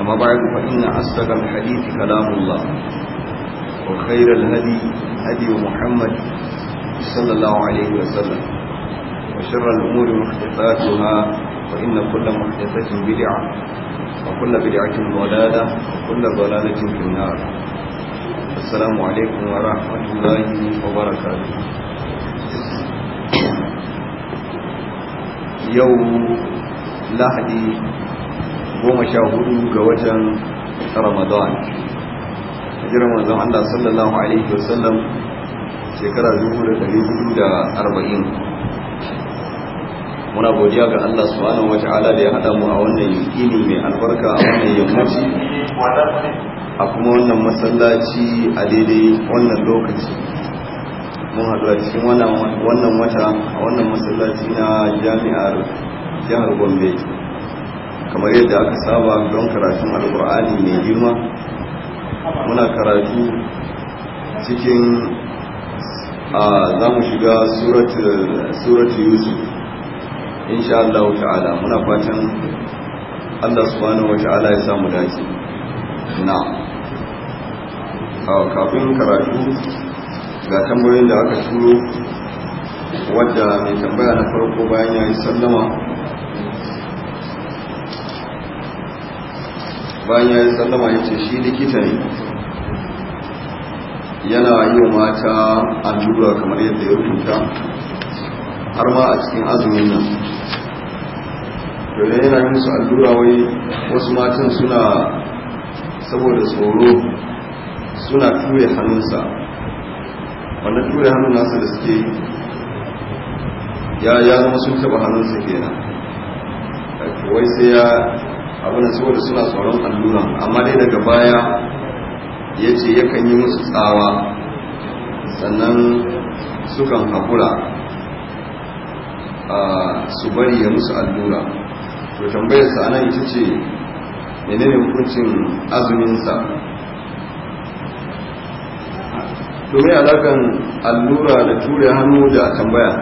أما بعد فإن أصدق الحديث كلام الله وخير الهدي هدي محمد صلى الله عليه وسلم وشر الأمور محدثاتها وإن كل محدثة بدعة وكل بدعة ضلالة وكل ضلالة في النار السلام عليكم ورحمة الله وبركاته يوم لحدي goma sha hudu ga watan ramadan hijirar manzon Allah sallallahu alaihi wasallam shekara dubu da da dari hudu arba'in. muna godiya ga Allah subhanahu ta'ala da ya hada mu a wannan yukini mai albarka a wannan yammaci a kuma wannan masallaci a daidai wannan lokaci mun haɗu a cikin wannan wata a wannan masallaci na jami'ar jihar gombe kamar yadda aka saba don karatun alkur'ani mai girma muna karatu cikin a za mu shiga suratun yusuf insha Allah ta'ala muna fatan Allah subhanahu wa ta'ala ya samu dace na kafin karatu ga tambayoyin da aka turo wadda mai tambaya na farko bayan ya yi sallama bayan ya yi sallama ya ce shi likita ne yana yi wa mata allura kamar yadda ya rubuta har ma a cikin azumin nan dole yana yin su allura wai wasu matan suna saboda tsoro suna ture hannunsa wannan ture hannun nasa da suke ya zama sun taba hannunsa kenan wai sai ya abin da saboda suna tsoron allura amma dai daga baya ya ce yakan yi musu tsawa sannan sukan haƙura su bari ya musu allura to tambayarsa anan ita ce menene hukuncin azuminsa domin alakan allura da ture hannu da tambaya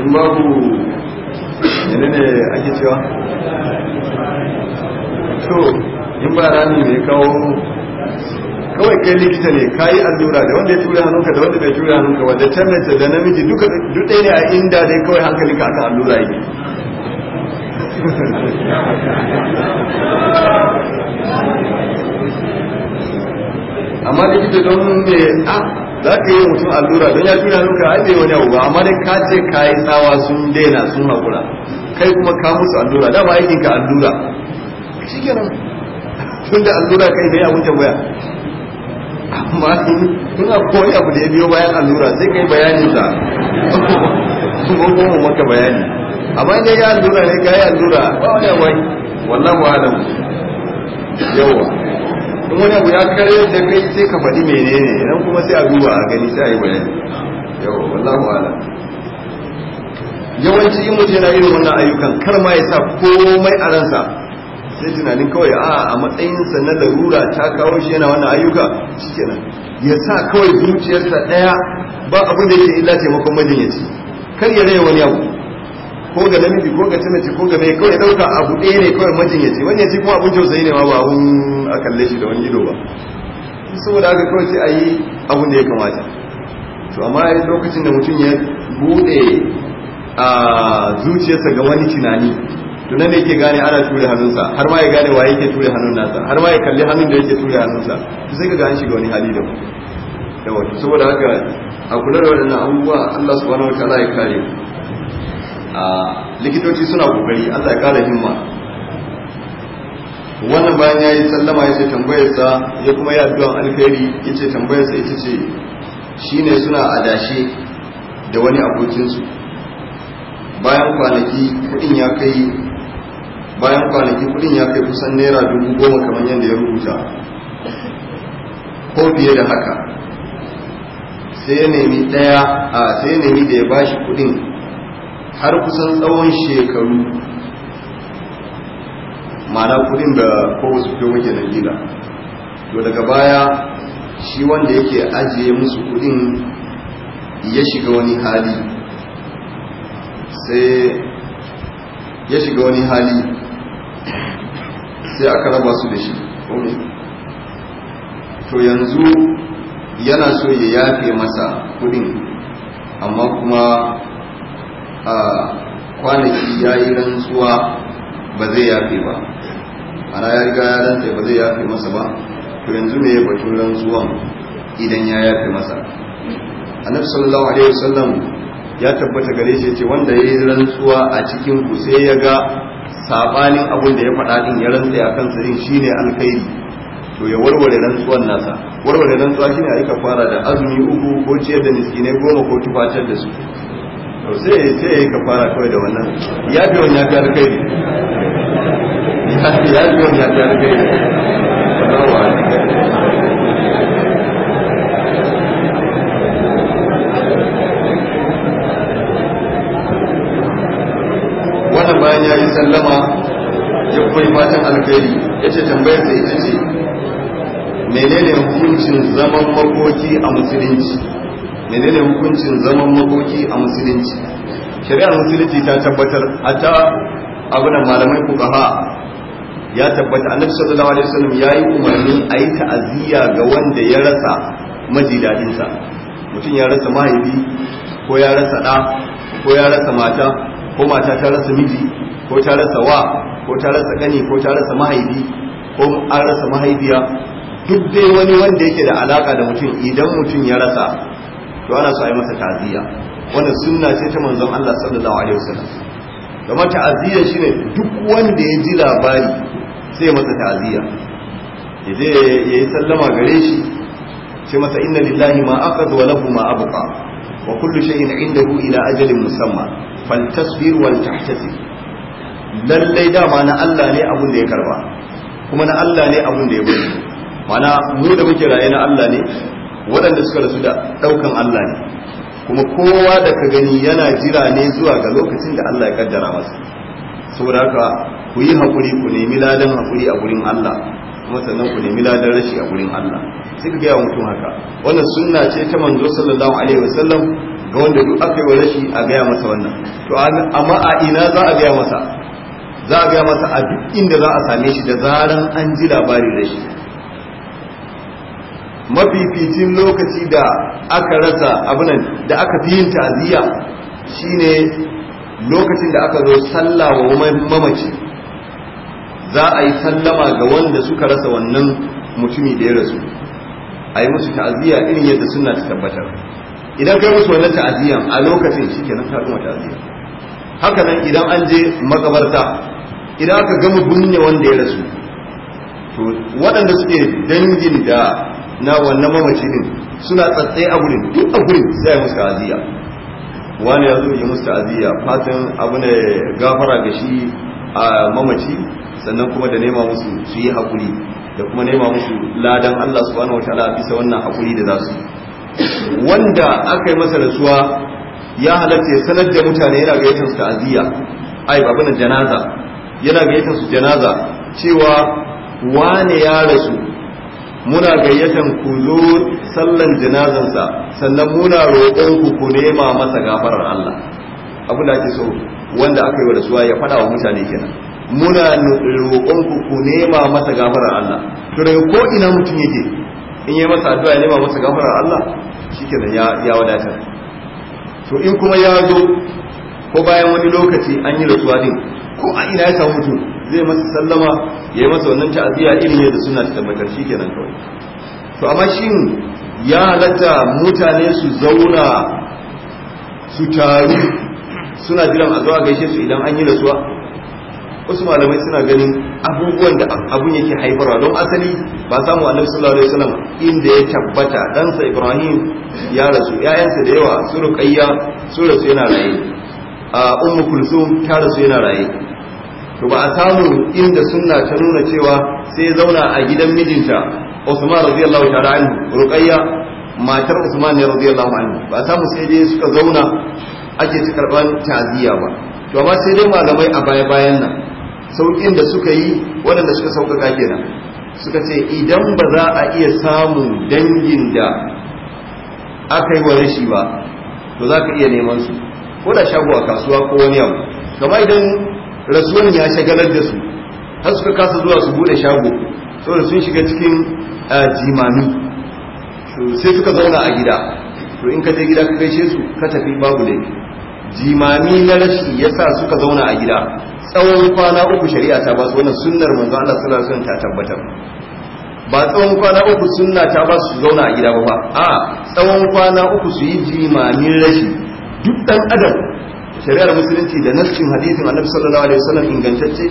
in babu menene ake cewa so in ba rami mai kawo kawai kai likita ne ka yi allura da wanda ya tura hannunka da wanda bai tura hannunka ba da can mace da namiji duka duk ɗaya ne a inda dai kawai ka aka allura yake amma likita don ne a za ka yi mutum allura don ya tura hannunka a wani abu amma dai ka ce ka yi tsawa sun daina sun haƙura kai kuma ka musu allura dama aikin ka allura tun tunda allura kai bai abun waya amma a koyi abu da ya biyo bayan allura sai kai bayanin sa ko kuma maka bayani amma dai ya allura ne kai allura ba wani wai ba da yawa in wani abu ya kare da kai sai ka faɗi menene idan kuma sai a duba a gani sai a yi bayani yawa wallahu alam yawanci in mutum yana irin wannan ayyukan kar ma ya sa komai a ransa sai tunanin kawai a a matsayinsa na larura ta kawo shi yana wannan ayyuka nan ya sa kawai zuciyarsa ɗaya ba abin da yake illa taimakon ya ci kar ya raya wani abu ko ga namiji ko ga tunanci ko ga mai kawai ɗauka abu ɗaya ne kawai ya ci wani ya ci kuma abin tausayi ne ma ba abun a kalle shi da wani ido ba saboda haka kawai sai a yi abin da ya kamata to amma lokacin da mutum ya buɗe. a zuciyarsa ga wani tunani tunan da yake gane ana ture hannunsa har ma ya gane wa yake ture hannun nasa har ma ya kalli hannun da yake ture hannunsa to sai ka ga an ga wani hali da yawa saboda haka a kula da wadannan abubuwa Allah subhanahu wataala ya kare a likitoci suna kokari Allah ya kare himma wannan bayan ya yi sallama ya ce tambayarsa ya kuma yi addu'an alkhairi ya ce tambayarsa ita ce shine suna adashe da wani abokinsu bayan kwanaki kudin ya kai bayan kwanaki kudin ya kai kusan naira dubu goma kamar yadda ya rubuta ko fiye da haka sai ya nemi daya a sai ya nemi da ya bashi kudin har kusan tsawon shekaru ma'ana kudin da kowace fiye muke na gida to daga baya shi wanda yake ajiye musu kudin ya shiga wani hali sai ya shiga wani hali sai aka raba su da shi to yanzu yana so ya yafe masa kudin amma kuma a kwanaki ya yi rantsuwa ba zai yafe ba ana ya riga ya rantsa ba zai yafe masa ba to yanzu me batun rantsuwan idan ya yafe masa a annabi sallallahu alaihi wasallam ya tabbata gare shi ce wanda ya yi rantsuwa a cikin ku sai ya ga sabanin abin da ya faɗa din ya rantsa a kan sirin shine alkhairi to ya warware rantsuwan nasa warware rantsuwa shine a rika fara da azumi uku ko ciyar da miskinai goma ko tufatar da su to sai sai ka fara kawai da wannan ya fi wani ya fi alkhairi ya fi wani ya fi alkhairi sallama ya kuma fatan alkhairi ya ce tambayar da ita ce menene hukuncin zaman makoki a musulunci menene hukuncin zaman makoki a musulunci shari'ar musulunci ta tabbatar hatta abin malamai fuqaha ya tabbata annabi sallallahu alaihi wasallam yayi umarni a yi ta'aziyya ga wanda ya rasa majidadinsa mutum ya rasa mahaifi ko ya rasa da ko ya rasa mata ko mata ta rasa miji ko ta rasa wa ko ta rasa gani ko ta rasa mahaifi ko an rasa mahaifiya duk dai wani wanda yake da alaka da mutum idan mutum ya rasa to ana so a yi masa ta'aziyya wannan sunna ce ta manzon Allah sallallahu alaihi wasallam kamar ta'aziyya shine duk wanda ya ji labari sai masa ta'aziyya ya ya yi sallama gare shi ce masa inna lillahi ma akhadha wa lahu ma abqa wa kullu shay'in indahu ila ajalin musamma faltasbir wal tahtasib lallai dama na Allah ne abun da ya karba kuma na Allah ne abun da ya bari mana mu da muke raye na Allah ne waɗanda suka rasu da ɗaukan Allah ne kuma kowa da ka gani yana jira ne zuwa ga lokacin da Allah ya kaddara masa saboda haka ku yi haƙuri ku nemi ladan haƙuri a gurin Allah kuma sannan ku nemi ladan rashi a gurin Allah sai ka gaya mutum haka wannan sunna ce ta manzo sallallahu alaihi wasallam ga wanda duk aka yi wa rashi a gaya masa wannan to amma a ina za a gaya masa za a gaya masa a duk inda za a same shi da zaran an ji labari da shi mafificin lokaci da aka rasa abinan da aka fi yin ta'aziyya shine lokacin da aka zo sallah wa mamaci za a yi sallama ga wanda suka rasa wannan mutumi da ya rasu a yi musu ta'aziyya irin yadda suna ta tabbatar idan kai musu wannan ta'aziyyan a lokacin shi ke na ta'aziyya haka nan idan an je makabarta idan aka gama binne wanda ya rasu to waɗanda suke dangin da na wannan mamaci din suna tsatsai a gurin duk a gurin sai musu ta'aziyya wani ya zo yi musu ta'aziyya fatan abu ne gafara ga shi a mamaci sannan kuma da nema musu su yi hakuri da kuma nema musu ladan Allah subhanahu wataala bisa wannan hakuri da za su wanda aka yi masa rasuwa ya halatta ya sanar da mutane yana gayyatar su ta'aziyya ai na janaza yana gayyatar su janaza cewa wane ya rasu muna gayyatar ku zo sallan janazansa sannan muna roƙon ku ku nema masa gafarar Allah abin da ake so wanda aka yi wa rasuwa ya fada wa mutane kenan muna roƙon ku ku nema masa gafarar Allah to daga ko ina mutum yake in yi masa addu'a ya nema masa gafarar Allah shikenan ya ya wadatar to in kuma ya zo ko bayan wani lokaci an yi rasuwa din ko a ina ya samu mutum zai masa sallama ya yi masa wannan ta'aziyya irin ne da suna ta tabbatar shi kenan kawai to amma shin ya halatta mutane su zauna su taru suna jiran a zuwa gaishe su idan an yi rasuwa wasu malamai suna ganin abubuwan da abun yake haifarwa don asali ba samu annabi sallallahu alaihi wasallam inda ya tabbata ɗansa ibrahim ya rasu ƴaƴansa da yawa su ruqayya su rasu yana raye a ummu kulsum ta rasu yana raye to ba a samu inda sunna ta nuna cewa sai zauna a gidan mijinta Usman radiyallahu ta'ala anhu ruqayya matar Usman ne radiyallahu anhu ba a samu sai dai suka zauna ake ta karban ta'aziyya ba to amma sai dai malamai a baya bayan nan saukin da suka yi waɗanda suka sauƙaƙa kenan suka ce idan ba za a iya samun dangin da aka yi wa rashi ba to za ka iya neman su ko da shago a kasuwa ko wani abu kama idan rasuwan ya shagalar da su har suka kasa zuwa su bude shago da sun shiga cikin jimami sai suka zauna a gida to in ka je gida ka gaishe su ka tafi babu laifi jimami na rashi ya sa suka zauna a gida tsawon kwana uku shari'a ta ba su wannan sunnar manzo Allah sallallahu alaihi wasallam ta tabbatar ba tsawon kwana uku sunna ta ba su zauna a gida ba ba a tsawon kwana uku su yi jimamin rashi duk dan adam shari'ar musulunci da nassin hadisin annabi sallallahu alaihi wasallam ingantacce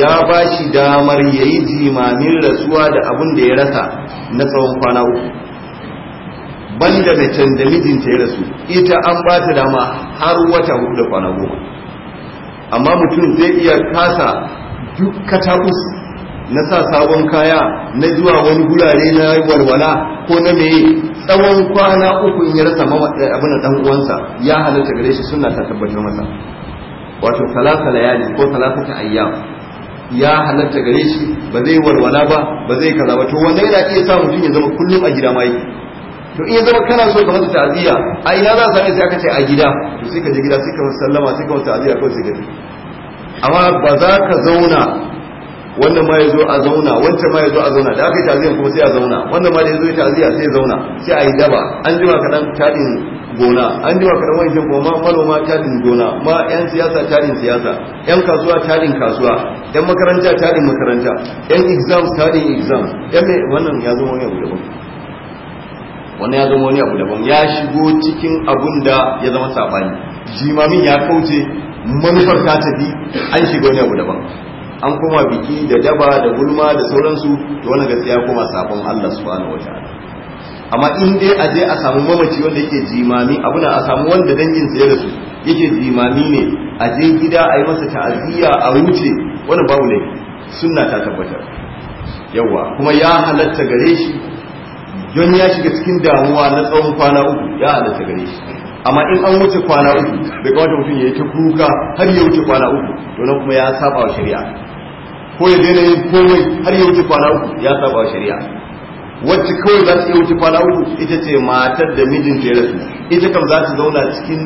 ya ba shi damar yayi jimamin rasuwa da abin da ya rasa na tsawon kwana uku banda macen da mijinta ya rasu ita an ba ta dama har wata hudu da kwana goma amma mutum zai iya kasa duk katakus na sa sabon kaya na zuwa wani gurare na walwala ko na meye tsawon kwana uku in ya rasa eh, abin da uwansa ya halatta gare shi suna ta tabbatar masa wato talata layali ko ta ayyam ya halatta gare shi ba zai walwala ba ba zai kaza ba to wanda yana iya sa mutum ya zama kullum a gida ma to iya zama kana so ka masa ta'aziyya a ina za a same sai aka ce a gida to sai ka je gida sai ka masa sallama sai ka masa ta'aziyya ko sai ka amma ba za ka zauna wannan ma ya zo a zauna wancan ma ya zo a zauna da aka yi ta'aziyya kuma sai a zauna wannan ma da ya zo ya ta'aziyya sai zauna sai a yi daba an jima kaɗan taɗin gona an jima kaɗan wancan goma manoma taɗin gona ma 'yan siyasa taɗin siyasa 'yan kasuwa taɗin kasuwa 'yan makaranta taɗin makaranta 'yan exam taɗin exam 'yan wannan ya zo wani abu daban wannan ya zama wani abu daban ya shigo cikin abun da ya zama sabani jimamin ya kauce manufar ta tafi an shiga wani abu daban an koma biki da daba da gulma da sauransu da wani gaskiya koma sabon Allah subhanahu wataala amma in dai a je a samu mamaci wanda yake jimami abuna a samu wanda dangin sa ya rasu yake jimami ne a je gida a yi masa ta'aziyya a wuce wani babu ne sunna ta tabbatar yawa kuma ya halatta gare shi don ya shiga cikin damuwa na tsawon kwana uku ya halatta gare shi amma in an wuce kwana uku bai kawata mutum ya yi ta kuka har ya wuce kwana uku to nan kuma ya saba wa shari'a ko ya daina yin komai har ya wuce kwana uku ya saba wa shari'a wacce kawai za ta iya wuce kwana uku ita ce matar da mijinta ya rasu ita kam za ta zauna cikin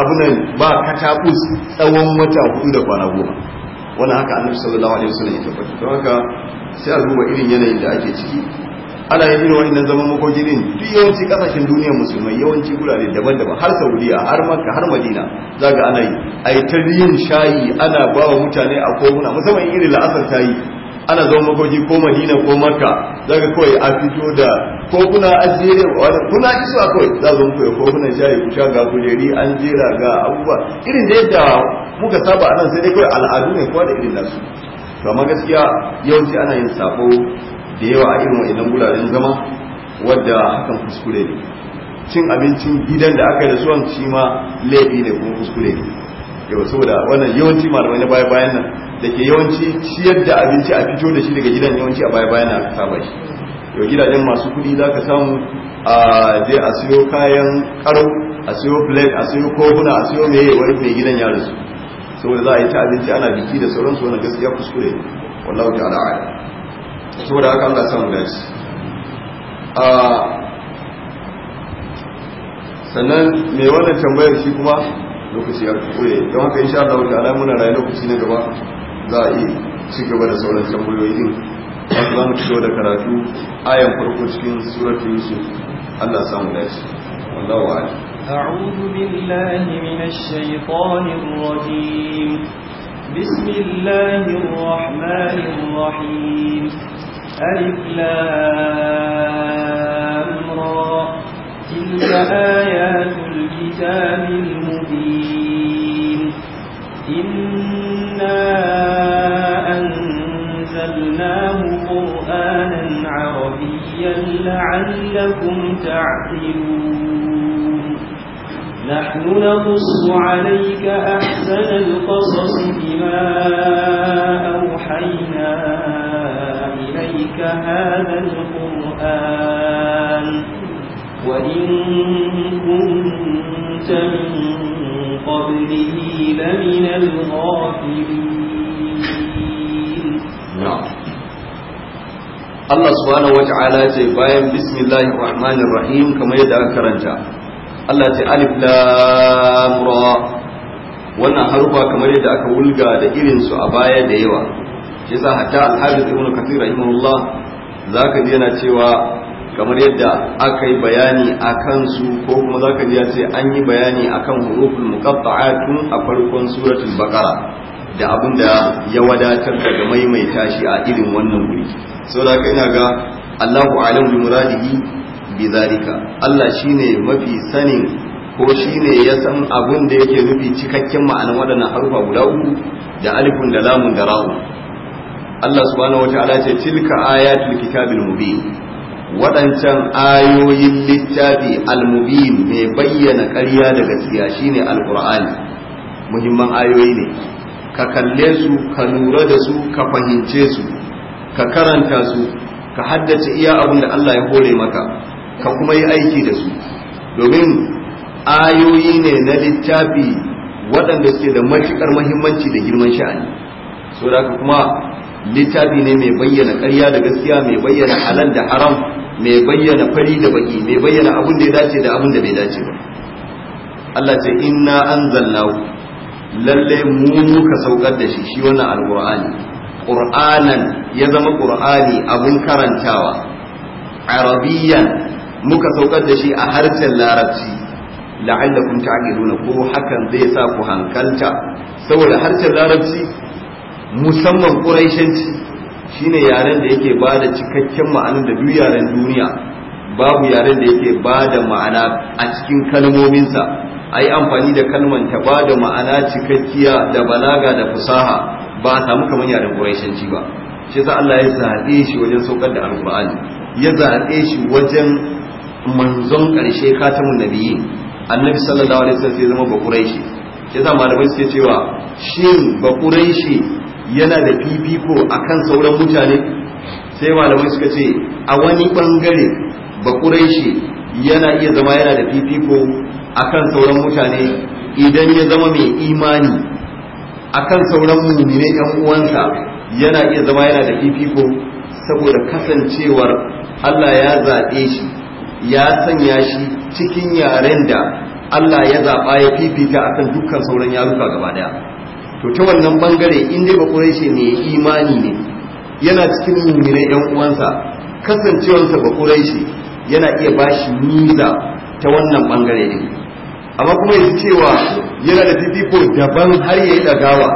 abunan ba katakus tsawon wata hudu da kwana goma wani haka annabi sallallahu alaihi wasallam ya tabbata don haka sai a duba irin yanayin da ake ciki ana yin irin wannan zaman makoki din duk yawanci kasashen duniya musulmai yawanci gurare daban-daban har saudiya har makka har madina za ga ana yi a yi ta yin shayi ana ba wa mutane a koguna musamman irin la'asar ta yi ana zama makoki ko madina ko makka za ka kawai a fito da koguna a jere kuna a kawai za zo muku ya shayi ku sha ga kujeri an jera ga abubuwa irin da yadda muka saba anan sai dai kawai al'adu ne kowa da irin nasu to amma gaskiya yawanci ana yin sabo da yawa a irin wa'idan guraren zama wadda hakan kuskure ne cin abincin gidan da aka yi da suwan shi ma laifi ne kuma kuskure ne yau saboda wannan yawanci malamai na baya-bayan nan da ke yawanci ciyar da abinci a fito da shi daga gidan yawanci a baya-bayan nan aka saba shi yau gidajen masu kuɗi za ka samu a je a siyo kayan karo a siyo plate a siyo koguna a siyo meye wani mai gidan ya rasu saboda za a yi ta abinci ana biki da sauransu wannan gaskiya kuskure wallahu ta'ala saboda haka Allah samu dace a sannan mai wannan tambayar shi kuma lokaci ya koye don haka insha Allah wata ala muna rayu lokaci na gaba za a iya ci gaba da sauran tambayoyi din za mu fito da karatu ayan farko cikin suratul yusuf Allah samu dace wallahu a'lam أعوذ بالله من الشيطان الرجيم بسم الله الرحمن الرحيم ألف لامرى تلك آيات الكتاب المبين إنا أنزلناه قرآنا عربيا لعلكم تعقلون نحن نقص عليك أحسن القصص بما أوحينا إليك هذا القرآن وإن كنت من قبله لمن الغافلين نعم الله سبحانه وتعالى bayan بسم الله الرحمن الرحيم كما يدعى كرنجا Allah ce alif lam ra wannan harufa kamar yadda aka wulga da irin su a baya da yawa shi yasa hatta al hadith ibn kathir rahimahullah zaka ji yana cewa kamar yadda aka yi bayani a kansu ko kuma zaka ji ya ce an yi bayani akan huruful muqatta'a tun a farkon suratul baqara da abin da ya wadatar daga maimaita shi a irin wannan wuri saboda ina ga Allahu alam bi muradihi bizarika Allah shi ne mafi sanin ko shi ne ya san abin da yake nufi cikakken ma'anin waɗannan harufa guda uku da alifun da lamun da ra'u Allah subhanahu wataala ce tilka ayatul kitabil mubin waɗancan ayoyin littafi almubin mai bayyana ƙarya da gaskiya shine alqur'ani muhimman ayoyi ne ka kalle su ka lura da su ka fahimce su ka karanta su ka haddace iya abin da Allah ya hore maka ka kuma yi aiki da su domin ayoyi ne na littafi waɗanda suke da matuƙar mahimmanci da girman sha'ani so da kuma littafi ne mai bayyana ƙarya da gaskiya mai bayyana halal da haram mai bayyana fari da baki mai bayyana abin da ya dace da abin da bai dace ba Allah ce inna anzalnahu lalle mu muka saukar da shi shi wannan alqur'ani qur'anan ya zama qur'ani abin karantawa arabiyan muka saukar da shi a harshen larabci la'allakum ta'qiluna ko hakan zai sa ku hankalta saboda harshen larabci musamman quraishanci shine yaren da yake bada cikakken ma'anar da duk yaren duniya babu yaren da yake bada ma'ana a cikin kalmominsa ai amfani da kalman ta bada ma'ana cikakkiya da balaga da fasaha ba a samu kamar yaren quraishanci ba shi sa Allah ya zaɓe shi wajen saukar da alqur'ani ya zaɓe shi wajen manzon karshe katamun nabiyyi annabi sallallahu alaihi wasallam sai zama bakuraishi shi. Yasa malamai suke cewa shin bakuraishi yana da fifiko akan sauran mutane sai malamai suka ce a wani bangare bakuraishi yana iya zama yana da fifiko akan sauran mutane idan ya zama mai imani akan sauran muminai yan uwansa yana iya zama yana da fifiko saboda kasancewar Allah ya zaɓe shi ya sanya shi cikin yaren da Allah ya zaɓa ya fifita a kan dukkan sauran yaruka gaba daya to ta wannan bangare in dai shi ne imani ne yana cikin mummunan yan uwansa kasancewarsa shi yana iya bashi niza ta wannan bangare ne amma kuma ya cewa yana da fifiko daban har ya yi ɗagawa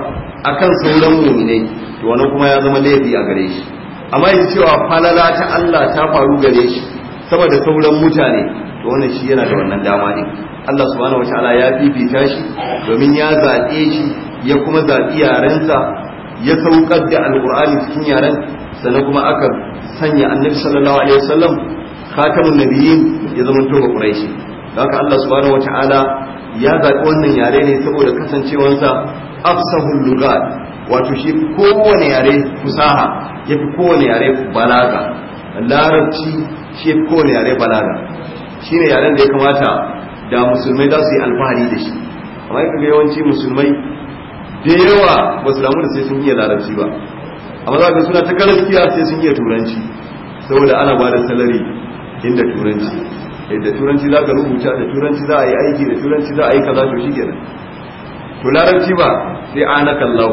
kan sauran muminai to wani kuma ya zama laifi a gare shi amma ya cewa falala ta Allah ta faru gare shi saboda sauran mutane to wannan shi yana da wannan dama ne Allah subhanahu wataala ya fifita shi domin ya zaɓe shi ya kuma zaɓi yarensa ya saukar da alqur'ani cikin yaren sannan kuma aka sanya annabi sallallahu alaihi wasallam khatamun nabiyyin ya zama to quraishi haka Allah subhanahu wataala ya zaɓi wannan yare ne saboda kasancewansa afsahul lugat wato shi kowane yare fusaha yafi kowane yare balaga larabci shi fi kowane yare balaga shi ne yaren da ya kamata da musulmai za su yi alfahari da shi amma ga yawanci musulmai da yawa ba su damu da sai sun iya larabci ba amma za suna ta gaskiya sai sun iya turanci saboda ana ba da salari inda turanci da turanci za ka rubuta da turanci za a yi aiki da turanci za a yi kaza to shi kenan to larabci ba sai anaka Allah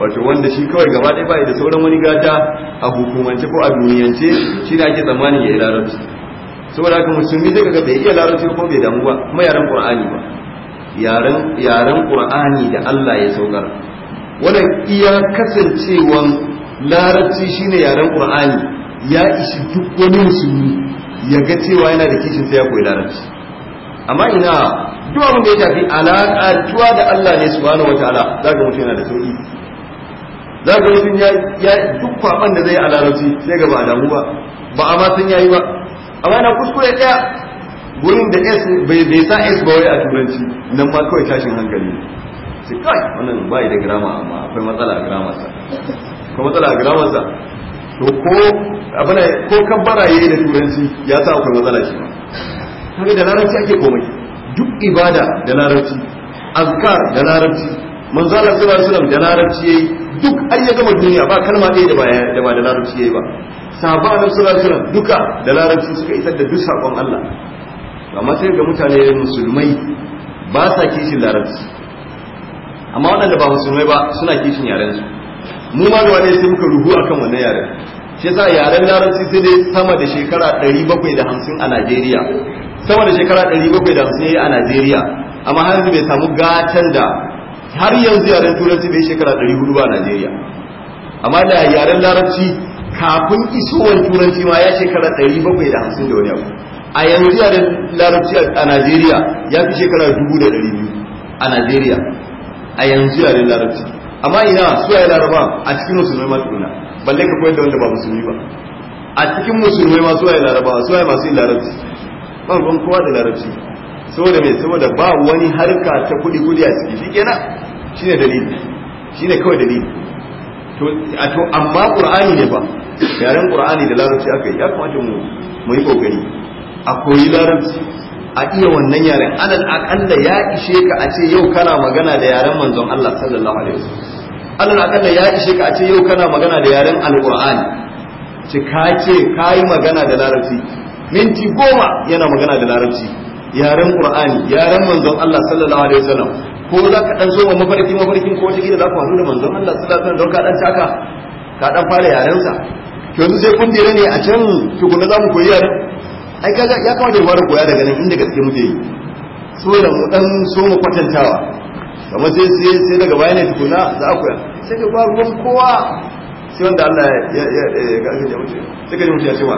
wato wanda shi kawai gaba ɗaya bai da sauran wani gata a hukumance ko a duniyance shi ne ake tsammanin ya yi larabci saboda haka musulmi zai kaga bai iya larabci ko bai damu ba kuma yaren qur'ani ba yaren yaren qur'ani da Allah ya saukar wannan iya kasancewan larabci shine yaren qur'ani ya ishi duk wani musulmi ya ga cewa yana da kishin sai ya koyi larabci amma ina duk abin da ya tafi alaƙa tuwa da Allah ne subhanahu wataala zaka mutum yana da sauki za ga mutum ya ya duk kwaban da zai a larabci sai ga ba damu ba ba a ma san yayi ba amma na kuskure ɗaya gurin da s bai bai sa s ba wai a turanci nan ma kawai tashin hankali sai kai wannan bai da girama amma akwai matsala a grammar sa akwai matsala a grammar sa to ko abana ko kabbara yayi da turanci ya sa akwai matsala shi ma da larabci ake komai duk ibada da larabci azkar da larabci manzo Allah sallallahu alaihi wasallam da larabci yayi duk an ya gama duniya ba kalma ɗaya da ba da ba da larabci yayi ba sahaba Annabi sallallahu alaihi wasallam duka da larabci suka isar da duk sakon Allah amma sai ga mutane musulmai ba sa kishin larabci amma waɗanda ba musulmai ba suna kishin yaren su mu ma da wani sai muka rubu akan wannan yaren shi yasa yaren larabci sai dai sama da shekara 750 a Najeriya sama da shekara 750 a Najeriya amma har yanzu bai samu gatan da har yanzu yaren turanci bai shekara 400 ba a najeriya amma da yaren larabci kafin isowar turanci ma ya shekara 750 da wani abu a yanzu yaren larabci a najeriya ya fi shekara 200 a najeriya a yanzu yaren larabci amma ina su ya laraba a cikin musulmai masu tukuna balle ka koyar da wanda ba musulmi ba a cikin musulmai masu su ya laraba su ya masu yin larabci ba ban kowa da larabci saboda mai saboda ba wani harka ta kudi kudi a ciki shikenan shine dalili shine kawai dalili to a to amma qur'ani ne ba yaren qur'ani da larabci aka yi ya kamata mu mu yi kokari a koyi larabci a iya wannan yaren alal akalla ya ishe ka a ce yau kana magana da yaren manzon Allah sallallahu alaihi wasallam alal akalla ya ishe ka a ce yau kana magana da yaren alqur'ani ce ka ce kai magana da larabci minti goma yana magana da larabci yaren qur'ani yaren manzon Allah sallallahu alaihi wasallam ko za ka dan ma mafarki mafarkin ko wata gida za ku haɗu da manzon Allah sallallahu alaihi wasallam don ka dan taka ka dan fara yaren sa to yanzu sai kun dire ne a can kuma za mu koyi yaren ai kaga ya kawo da fara koya daga nan inda gaske muke yi so da mu dan soma kwatantawa kamar sai sai daga baya ne tukuna za ku koya sai ka ba kowa sai wanda Allah ya ya ya ga ya wuce sai kaje mutum ya ce wa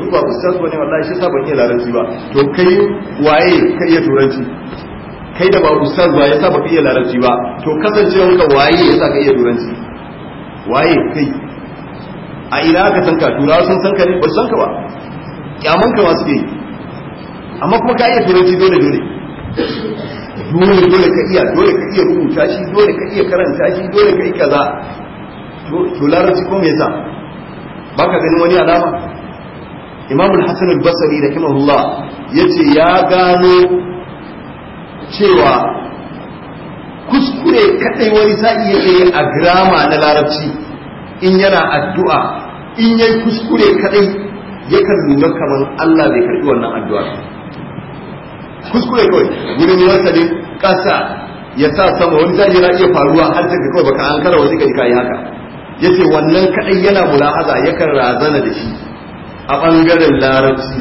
mun ba ustaz bane wallahi shi sabon iya larabci ba to kai waye kai iya turanci kai da ba ustaz ba ya sa baka iya larabci ba to kasancewa ka waye ya sa ka iya turanci waye kai a ina ka san ka turawa sun san ka ne ba san ka ba kyaman ka ma suke yi amma kuma ka iya turanci dole dole dole dole ka iya dole ka iya rubuta shi dole ka iya karanta shi dole ka yi kaza to larabci ko me ba ka ganin wani alama imam al da al-basri ya ce ya gano cewa kuskure kadai wani sa'i ce a grama na larabci in yana addu'a in yai kuskure kadai yakan nuna kamar Allah bai karbi wannan addu'a kuskure kawai wurin wasa ne kasa ya sa sama wani sa'i yana iya faruwa har sai kawai baka an kara wani yi haka yace wannan kadai yana mulahaza yakan razana da shi a bangaren larabci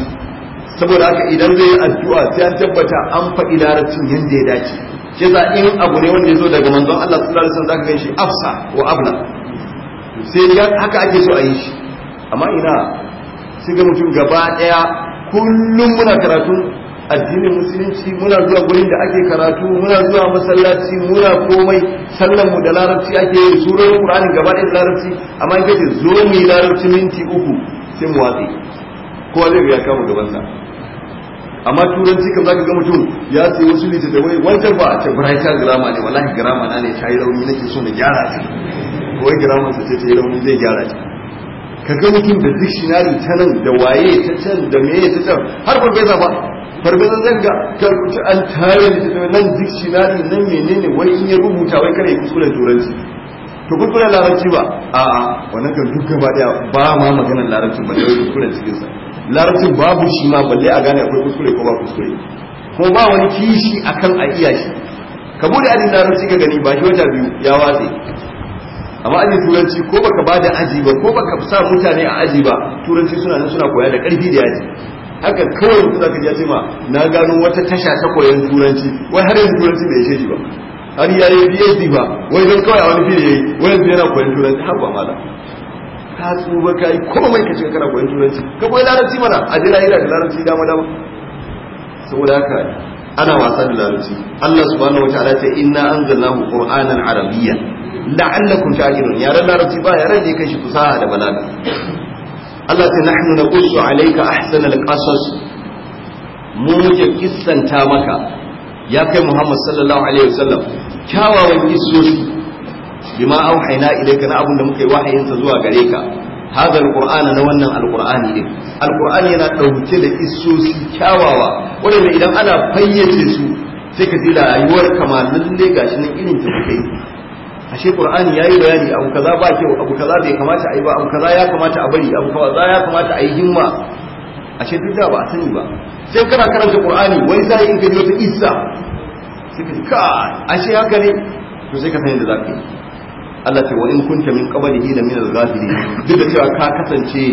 saboda haka idan zai yi addu'a sai an tabbata an faɗi larabcin yadda ya dace shi yasa in abu ne wanda ya daga manzon Allah sallallahu alaihi wasallam zaka ganshi afsa wa abla sai haka ake so a yi shi amma ina sai ga mutum gaba daya kullum muna karatu. addinin musulunci muna zuwa gurin da ake karatu muna zuwa masallaci muna komai sallan mu da larabci ake yi surorin qur'ani gaba da larabci amma in kace zo mu yi larabci minti uku sai mu watsi kowa zai ga ya gaban sa amma turanci kan zaka ga mutum ya ce wasu wai wancan ba a ce brighter grammar ne wallahi grammar na ne ta yi rauni nake so na gyara ta wai grammar ta ce ta yi rauni zai gyara ta ka ga mutum da dictionary ta nan da waye ta can da meye ta can har farfesa ba farfesa zan ga karkuci an tare da nan dictionary nan menene wai in ya rubuta wai kare kuskuren turanci to kuskuren larabci ba a a wannan kan duk gaba daya ba ma maganar larabcin ba dai kuskuren cikin sa larabcin babu shi ma balle a gane akwai kuskure ko ba kuskure ko ba wani kishi akan a iya shi ka bude adin larabci ka gani ba shi wata biyu ya watse amma ajin turanci ko baka ba da aji ba ko baka sa mutane a aji ba turanci suna nan suna koya da karfi da yaji haka kawai mutum zaka ji ma na gano wata tasha ta koyon turanci wai har yanzu turanci bai ishe shi ba har ya yi PhD ba wai zan kawai a wani fili yayi wai yanzu yana koyon turanci har ba mala ka yi kai komai ka cika kana koyon turanci ka koyi larabci mana a jira yi da larabci dama dama saboda haka ana wasa da larabci Allah subhanahu wataala ce inna anzalnahu qur'anan arabiyya la'allakum ta'qilun yaran larabci ba yaran da kashi kusaha da balaga Allah ta nahnu naqussu alayka ahsana alqasas mu muke kissanta maka ya kai Muhammad sallallahu alaihi wasallam kyawawan kissoshi bima auhayna ilayka na abun da muka yi wahayin sa zuwa gare ka hadha qur'ana na wannan alqur'ani din alqur'ani yana dauke da isosi kyawawa wanda idan ana fayyace su sai ka ji rayuwar kama lalle gashi nan irin ta yi. ashe qur'ani yayi bayani abu kaza ba kyau abu kaza bai kamata a yi ba abu kaza ya kamata a bari abu kaza ya kamata a yi himma ashe duk da ba a sani ba sai kana karanta qur'ani wai sai in ka ji wata isa sai ka ji ka ashe haka ne to sai ka san yadda ka yi Allah ce wa in kunta min qablihi la min al-ghafilin duk da cewa ka kasance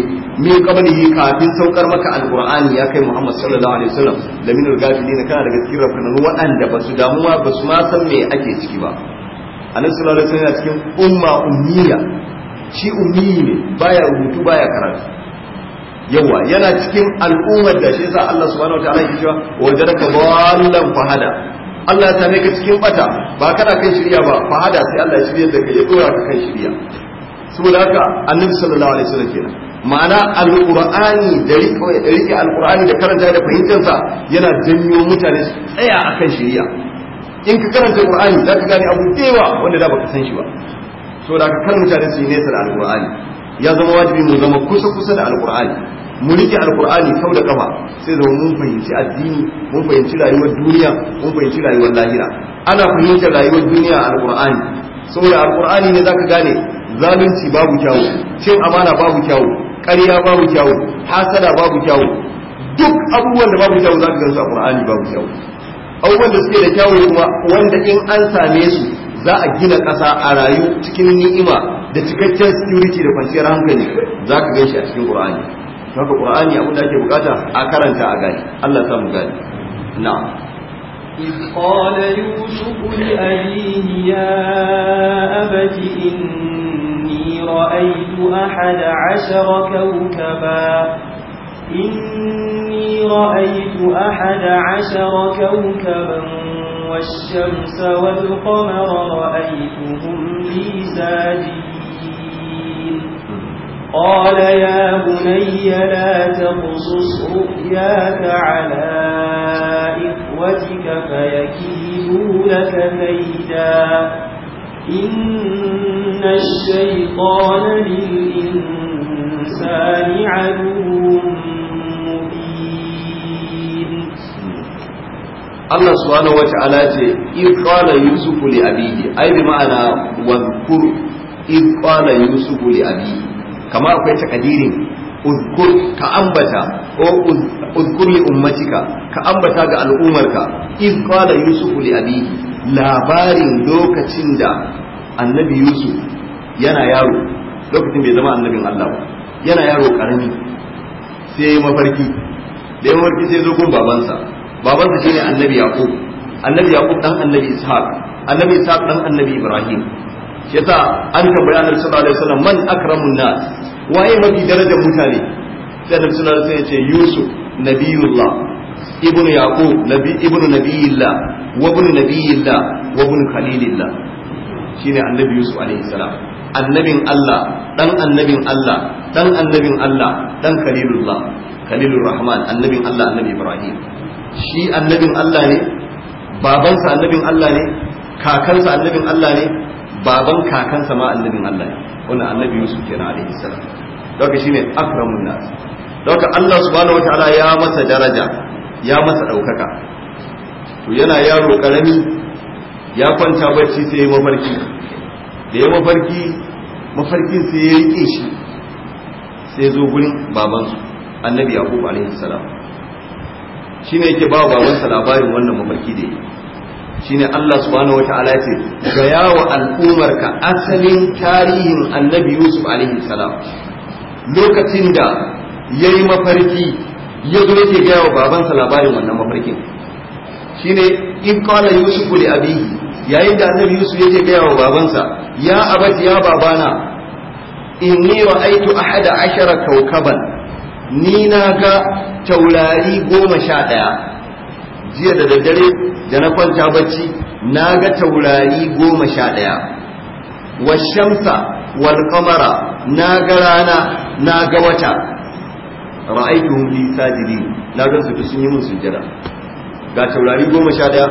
min qablihi kafin saukar maka alqur'ani ya kai Muhammad sallallahu alaihi wasallam la min al-ghafilin kana daga cikin rafanan waɗanda basu damuwa basu ma san me ake ciki ba Annabi sallallahu alaihi wasallam cikin umma ummiya shi ummi ne baya rubutu baya karatu yawa yana cikin al'ummar da shi sa Allah subhanahu wa ta'ala ce wa wajadaka dallan fahada Allah ya same ka cikin bata ba kana kan shirya ba fa hada sai Allah ya shirya da kai ya dora ka kan shirya saboda haka annabi sallallahu alaihi wasallam kenan ma'ana alqur'ani da rike alqur'ani da karanta da fahimtar sa yana janyo mutane su tsaya akan shirya in ka karanta qur'ani zaka gane abu dewa wanda da baka san shi ba saboda haka kan mutane su yi nesa da alqur'ani ya zama wajibi mu zama kusa kusa da alqur'ani mu rike alkur'ani sau da kafa sai zama mun fahimci addini mun fahimci rayuwar duniya mun fahimci rayuwar lahira ana fahimtar rayuwar duniya a alkur'ani saboda alkur'ani ne zaka gane zalunci babu kyawu cin amana babu kyawu ƙarya babu kyawu hasada babu kyawu duk abubuwan da babu kyawu zaka gansu a babu kyawu abubuwan da suke da kyawu kuma wanda in an same su za a gina ƙasa a rayu cikin ni'ima da cikakken security da kwanciyar hankali za ka gan shi a cikin ƙur'ani. haka qur'ani abin da ake bukata a karanta a gani Allah ya mu gani na'am إذ قال يوسف لأبيه يا أبت إني رأيت أحد عشر كوكبا إني رأيت أحد عشر كوكبا والشمس والقمر رأيتهم لي ساجدين قال يا بني لا تقصص رؤياك على إخوتك فيكيدوا لك كيدا إن الشيطان للإنسان عدو مبين الله سبحانه وتعالى إذ قال يوسف لأبيه أي بمعنى واذكر إذ قال يوسف لأبيه kama akwai takadirin uzkur ka ambata ko uzkur li ummatika ka ambata ga al'ummarka, iz qala yusuf li abihi labarin lokacin da annabi yusuf yana yaro lokacin bai zama annabin Allah ba yana yaro karami sai ya mafarki da ya mafarki sai zo gun babansa babansa shine annabi yaqub annabi yaqub dan annabi ishaq annabi ishaq dan annabi ibrahim yasa an tambaya annabi sallallahu alaihi wasallam man akramun nas waye mafi darajar mutane sai annabi sallallahu alaihi wasallam ya ce yusuf nabiyullah ibnu yaqub nabi ibnu nabiyillah wa ibnu nabiyillah wa ibnu khalilillah shine annabi yusuf alaihi salam annabin Allah dan annabin Allah dan annabin Allah dan khalilullah khalilur rahman annabin Allah annabi ibrahim shi annabin Allah ne babansa annabin Allah ne kakansa annabin Allah ne baban kakansa ma annabin Allah wanda annabi Yusuf na alaihi salam doka shine akramun nas doka Allah subhanahu wataala ya masa daraja ya masa daukaka to yana yaro karami ya kwanta barci sai ya mafarki da ya mafarki mafarkin sai ya rike shi sai zo gurin babansu annabi yaqub alaihi salam shine yake ba babansa labarin wannan mafarki da yake shine Allah subhanahu wataala ya ce ga yawo al'ummar ka asalin tarihin annabi Yusuf alaihi salam lokacin da yayi mafarki ya zo yake ga yawo babansa labarin wannan mafarkin shine in qala yusuf li abihi yayin da annabi yusuf yake ga yawo babansa ya abati ya babana in inni aitu ahada ashara kawkaban ni na ga taurari goma sha ɗaya jiya da daddare da na kwanta bacci na ga taurari goma sha ɗaya shamsa wal qamara na ga rana na ga wata ra'aytuhum li sajidin na ga su sun yi mun sujjada ga taurari goma sha ɗaya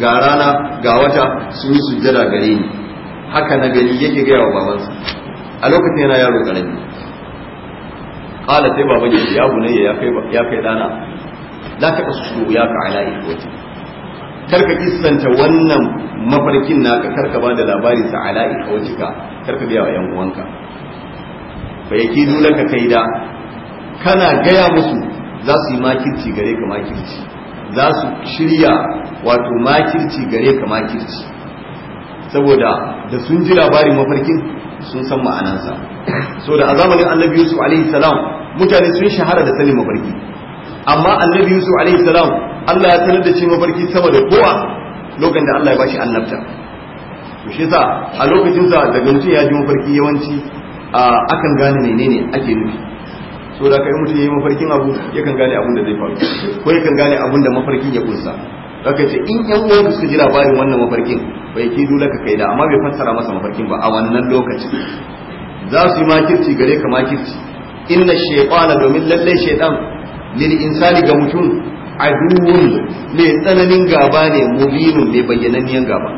ga rana ga wata sun yi sujjada gare ni haka na gani yake gaya wa babansa a lokacin yana yaro karami qala sai baban ya ya bunayya ya kai ya kai dana la taqsu ya ka ala ikwati karka kisanta wannan mafarkin naka karka ba da labari sa ala ikawcika karka biya wa yan uwanka nuna ka kai kaida kana gaya musu za su yi makirci gare ka makirci za su shirya wato makirci gare ka makirci saboda da sun ji labarin mafarkin sun san ma'anansa saboda a zamanin annabi yusuf alaihi salam mutane sun shahara da sanin mafarki amma annabi yusuf alaihi salam Allah ya sanar da shi mafarki sama da kowa lokacin da Allah ya bashi annabta to shi yasa a lokacin sa daga mutum ya ji mafarki yawanci a akan gane menene ake nufi so da kai mutum yayi mafarkin abu ya kan gane abun da zai faru ko ya kan gane abun da mafarkin ya kunsa zaka ce in yan uwan su ji labarin wannan mafarkin bai ki dole ka kai da amma bai fassara masa mafarkin ba a wannan lokacin za su yi makirci gare ka makirci inna shaytana domin lalle shaytan lil insani ga mutum aduwwun mai tsananin gaba ne mubinun mai bayyananniyan gaba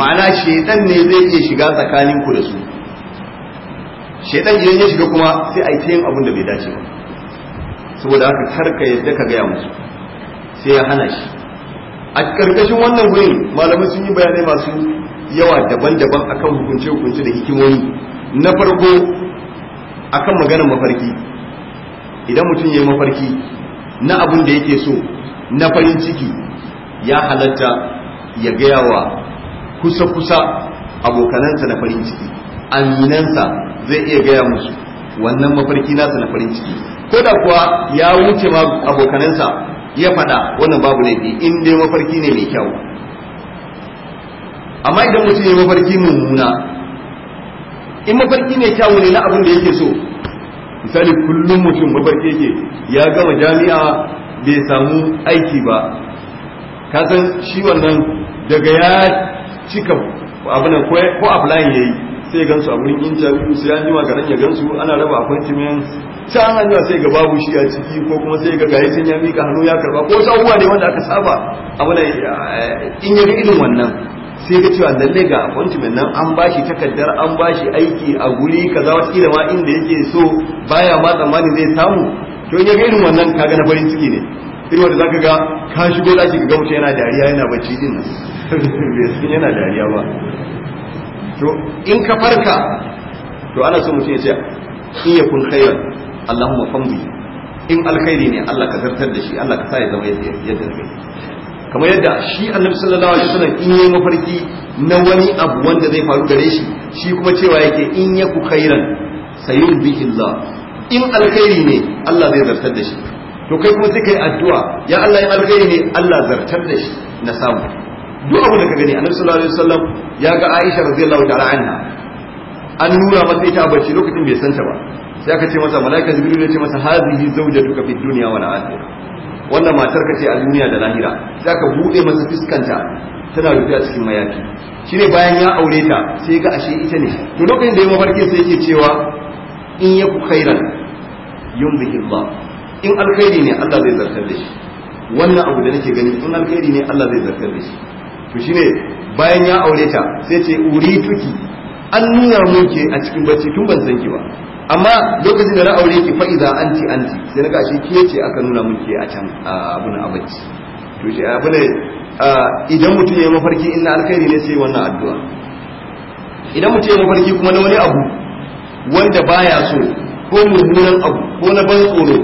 ma'ana shaitan ne zai iya shiga tsakanin ku da su shaitan idan ya shiga kuma sai a yi tayin yin abin da bai dace ba saboda haka karka ka yadda ka gaya musu sai ya hana shi a karkashin wannan wurin malamai sun yi bayanai masu yawa daban-daban akan hukunce-hukunce da hikimomi na farko akan maganar mafarki idan mutum ya yi mafarki na abin da yake so na farin ciki ya halatta ya gaya wa kusa-kusa abokanansa na farin ciki aminansa zai iya gaya musu wannan mafarki nasa na farin ciki ko da kuwa ya wuce ma abokanansa ya faɗa wannan babu laifi in dai mafarki ne mai kyau amma idan mutum ya mafarki mummuna in mafarki ne kyau ne na abin da yake so misali kullum mutum mafarki yake ya gama jami'a bai samu aiki ba ka san shi wannan daga ya cika abin ko applying yayi sai gansu a wurin interview sai an jima garin ya gansu ana raba appointment can an sai ga babu shi a ciki ko kuma sai ga gayi sun ya mika hannu ya karba ko uwa ne wanda aka saba abin eh, in ya ga irin wannan sai ga cewa lalle ga appointment nan an bashi takardar an bashi aiki a guri kaza wata ma inda yake so baya ma tsammanin zai samu to ya ga irin wannan kaga na farin ciki ne irin wanda zaka ga ka shigo daki ga mutum yana dariya yana bacci din nan bai san yana dariya ba to in ka farka to ana so mutum ya ce in ya kun khairan Allahumma famdi in alkhairi ne Allah ka zartar da shi Allah ka sa ya zama yadda yadda kamar yadda shi annabi sallallahu alaihi wasallam in yi mafarki na wani abu wanda zai faru gare shi shi kuma cewa yake in yaku khairan sayun bihi Allah in alkhairi ne Allah zai zartar da shi to kai kuma sai kai addu'a ya Allah in alkhairi ne Allah zartar da shi na samu duk abin da ka gani annabi sallallahu alaihi wasallam ya ga Aisha radhiyallahu ta'ala anha an nura masa ita bacci lokacin bai san ta ba sai aka ce masa malaika jibril ya ce masa hazihi zawjatuka fid dunya al akhirah wannan matar ka ce a duniya da lahira sai ka bude masa fiskanta tana rufe a cikin mayafi ne bayan ya aure ta sai ga ashe ita ne to lokacin da ya mafarkin sai yake cewa in yaku khairan yumdihillah in alkhairi ne Allah zai zartar da shi wannan abu da nake gani in alkhairi ne Allah zai zartar da shi to shine bayan ya aure ta sai ce uri tuki an nuna mun ke a cikin bacci tun ban san ki ba amma lokacin da na aure ki fa idza anti anti sai naga shi ke ce aka nuna mun ke a can abuna a bacci to shi abun idan mutum ya yi mafarki inna alkhairi ne sai wannan addu'a idan mutum ya yi mafarki kuma na wani abu wanda baya so ko mummunan abu ko na ban tsoro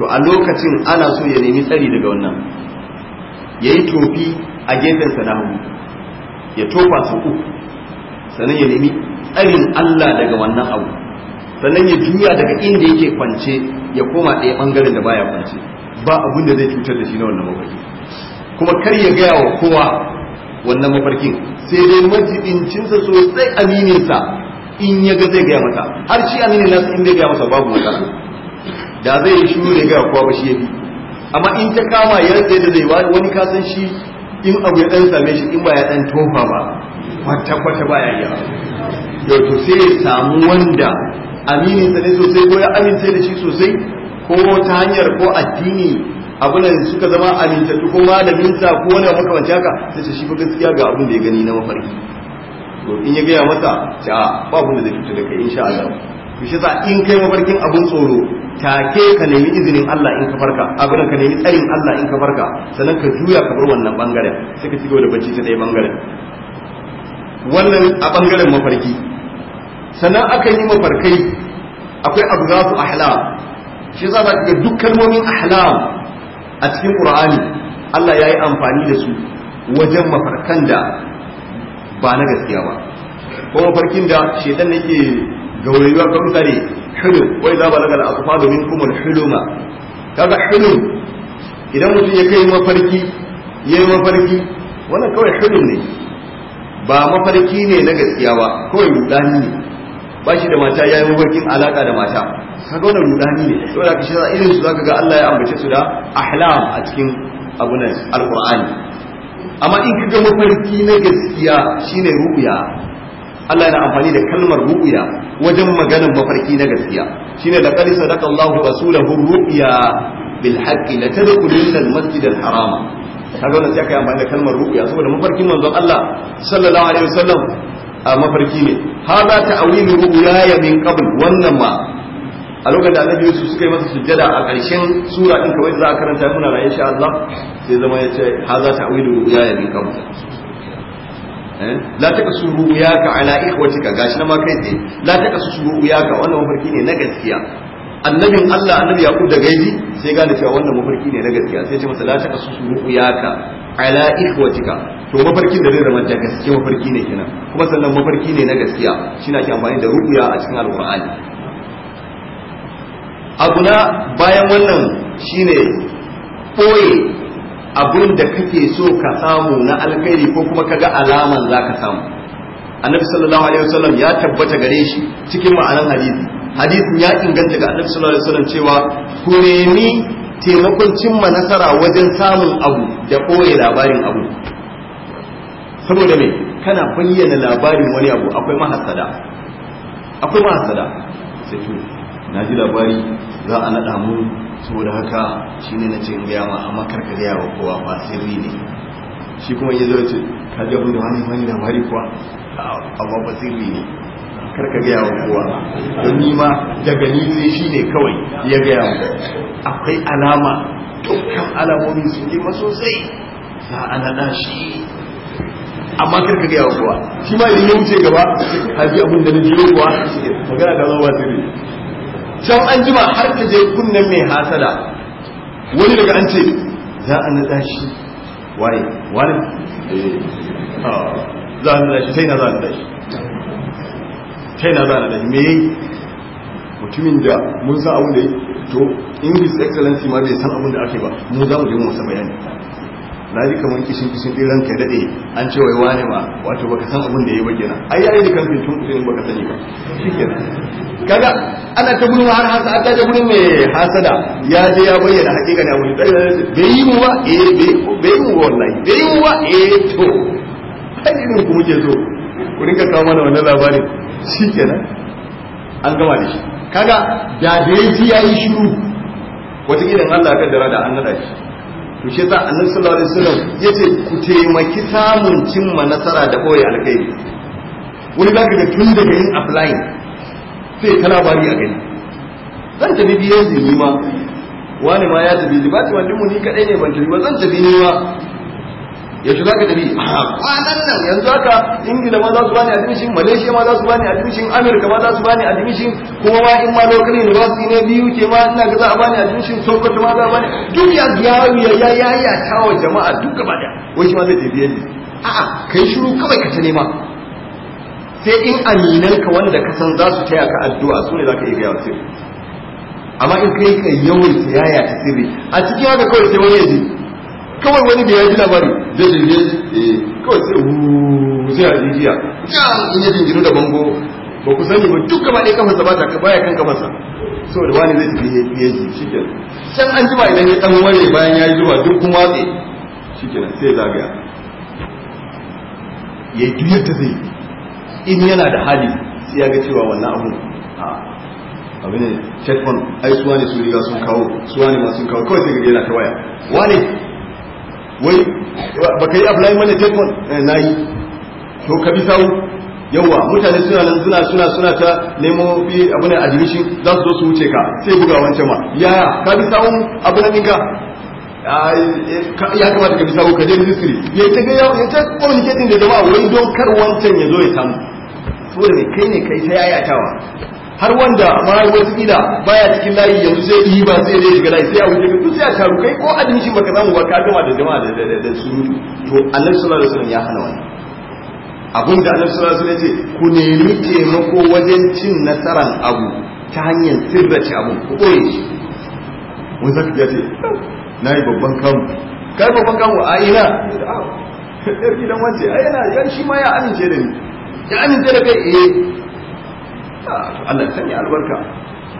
to a lokacin ana so ya nemi tsari daga wannan yayi tofi a sa na hagu ya tofa su uku sannan ya nemi tsarin Allah daga wannan abu sannan ya juya daga inda yake kwance ya koma ɗaya ɓangaren da baya kwance ba abun da zai cutar da shi na wannan mafarki kuma kar ya gaya wa kowa wannan mafarkin sai dai majidincinsa sosai amininsa in ya ga zai gaya masa har shi aminin nasu in bai gaya masa babu matsala da zai yi shuru ya gaya kowa ba shi ya bi amma in ta kama ya da zai wani kasan shi in abu ya dan same shi in ba ya dan tofa ba kwata-kwata baya ya da to sai ya samu wanda aminin sa ne sosai ko ya amince da shi sosai ko ta hanyar ko addini abin da suka zama amintattu ko malaminsa ko wani abu kamar haka sai ce shi gaskiya ga abin da ya gani na mafarki to in ya gaya masa ta ba abin da zai fito da kai insha Allah to shi in kai mafarkin abun tsoro take ka nemi izinin Allah in ka farka abin ka nemi tsarin Allah in ka farka sannan ka juya ka bar wannan bangaren sai ka cigaba da bacci ta dai bangaren wannan a bangaren mafarki sannan aka yi mafarkai akwai abu za su ahlam shi za ka ga duk kalmomin ahlam a cikin ƙur'ani Allah ya yi amfani da su wajen mafarkan da ba na gaskiya ba ko mafarkin da shedan ke gaurayuwa kan tsare hulum wai za ba daga al'afafa domin kuma huluma kaga hulum idan mutum ya kai mafarki ya yi mafarki wannan kawai hulum ne ba mafarki ne na gaskiya ba kawai rudani ne ba shi da mata ya yi mafarkin alaka da mata kaga wannan rudani ne saboda ka a irin su zaka ga Allah ya ambace su da ahlam a cikin abunan alqur'ani amma in kaga mafarki na gaskiya shine ru'ya Allah yana amfani da kalmar ru'ya wajen maganar mafarki na gaskiya shine laqad sadaqa Allahu rasulahu ru'ya bil haqqi la al masjid al harama kaga wannan sai aka yi amfani da kalmar ru'ya saboda mafarkin manzon Allah sallallahu alaihi wasallam a mafarki ne hada ta'awilu ya min qabl wannan ma a lokacin da annabi Yusuf suka yi masa sujjada a ƙarshen sura din kawai za a karanta muna rayu insha Allah sai zama ya ce hada ta'awilu ya min qabl eh? la kasu su ka ala ikhwatika gashi na ma kai tsaye la kasu su ka wannan mafarki ne na gaskiya annabin Allah annabi yaqub da gaibi sai gane cewa wannan mafarki ne na gaskiya sai ce masa la taka susu ruqyaka ala ikhwatika to mafarkin da zai zama da gaske mafarki ne kenan kuma sannan mafarki ne na gaskiya shine ake amfani da ruqya a cikin alqur'ani abuna bayan wannan shine boye abin da kake so ka samu na alkhairi ko kuma kaga alaman zaka samu annabi sallallahu alaihi wasallam ya tabbata gare shi cikin ma'anar hadisi hadisin ya inganta ga annabi sallallahu alaihi wasallam cewa ku nemi taimakon cimma nasara wajen samun abu da ɓoye labarin abu saboda me kana bayyana labarin wani abu akwai mahasada akwai mahasada sai to na ji labari za a naɗa mu saboda haka shine na ce in gaya ma amma karka wa kowa ba sirri ne shi kuma ya zo ce ka ji abin da wani wani labari kuwa a ba sirri ne kar ka gaya wa kowa don ni ma daga ni ne shi ne kawai ya gaya wa akwai alama dukkan alamomi su ne masosai za a nada shi amma kar ka gaya wa kowa shi ma idan ya wuce gaba haji abin da na jiro kuwa magana ga zama sirri can an jima har ka je kunnen mai hasada wani daga an ce za a nada shi waye wani eh. ah. za a nada shi sai na za a naɗa shi ta yana za a da me yayi mutumin da mun san abin da ya to english excellency ma bai san abin da ake ba mu za mu je mu masa bayani na ji kamar kishin kishin ɗin ranka daɗe an ce wai wane ba wato baka san abin da ya yi ba kenan ai yayi da kanka tun kusurin baka sani ba shikenan kaga ana ta gudun har hasa ta ta gudun mai hasada ya je ya bayyana hakika da wani ɗaya bai yi mu ba eh bai yi mu ba wallahi bai yi mu ba eh to kai irin ku muke so ku rinka kawo mana wannan labarin shi kenan an gama da shi kaga da da ya ji ya yi shiru wata gidan Allah kan dara da an nada shi to shi yasa annabi sallallahu alaihi wasallam yace ku taimaki samun cimma nasara da boye alkhairi wani zaka ga tun daga yin applying sai ta labari a gani zan tafi biye ni ma wani ma ya tafi ba ta wani mu ni kadai ne ban tafi ba zan tafi ni ma yaushe za ka tafi kwanan nan yanzu haka ingila ma za su bani admission malaysia ma za su bani admission america ma za su bani admission kuma ma in ma local university ne biyu ke ma ina ga za a bani admission sokoto ma za a bani duk ya ya ya ya tawo jama'a duk gaba da wai shi ma zai tafi yanzu a'a kai shiru kawai ka ta nema sai in aminan ka wanda ka san za su taya ka addu'a su ne za ka iya gaya sirri amma in kai ka ta yaya ta sirri a cikin haka kawai sai wani ya ji kawai wani da ya ji labari zai jirge eh kawai sai hu sai a jijiya jam in ya jingiru da bango ba ku sani ba duk ne ɗaya sa ba ta baya kan sa saboda wani zai tafi ya ji ke can an jima idan ya dan ware bayan ya yi zuwa duk kuma watsi ke sai zagaya ya yi duniyar ta zai in yana da hali sai ya ga cewa wannan abu abu ne checkpoint ai suwa ne su riga sun kawo suwa ne masu kawo kawai sai gari yana ta waya wane wai ba ka yi apply mana tekun eh, na yi to ka bi sau yawa mutane suna nan suna suna suna ta nemo bi abu ne admission za su zo su wuce ka sai buga wancan ma ya ka bi sa'u abu na ninka? Eh, ya kamata ka bi sa'u ka je ministry ya ta ga ya ta ketin da jama'a wai don kar wancan ya zo ya samu saboda ne kai ne kai ta yayatawa har wanda ma wata gida baya cikin layi yanzu zai yi ba zai zai shiga layi sai a wuce ka duk sai a taru kai ko admission baka samu ba ka gama da jama'a da da da su to annabi sallallahu alaihi wasallam ya hana wannan abin da annabi sallallahu alaihi wasallam ya ce ku nemi taimako wajen cin nasaran abu ta hanyar sirrace abun ku koye shi wani zaka ya ce nayi babban kamu kai babban kamu a ina yar gidan wance a yana yan shi ma ya amince da ni ya amince da kai eh to Allah ya sanya albarka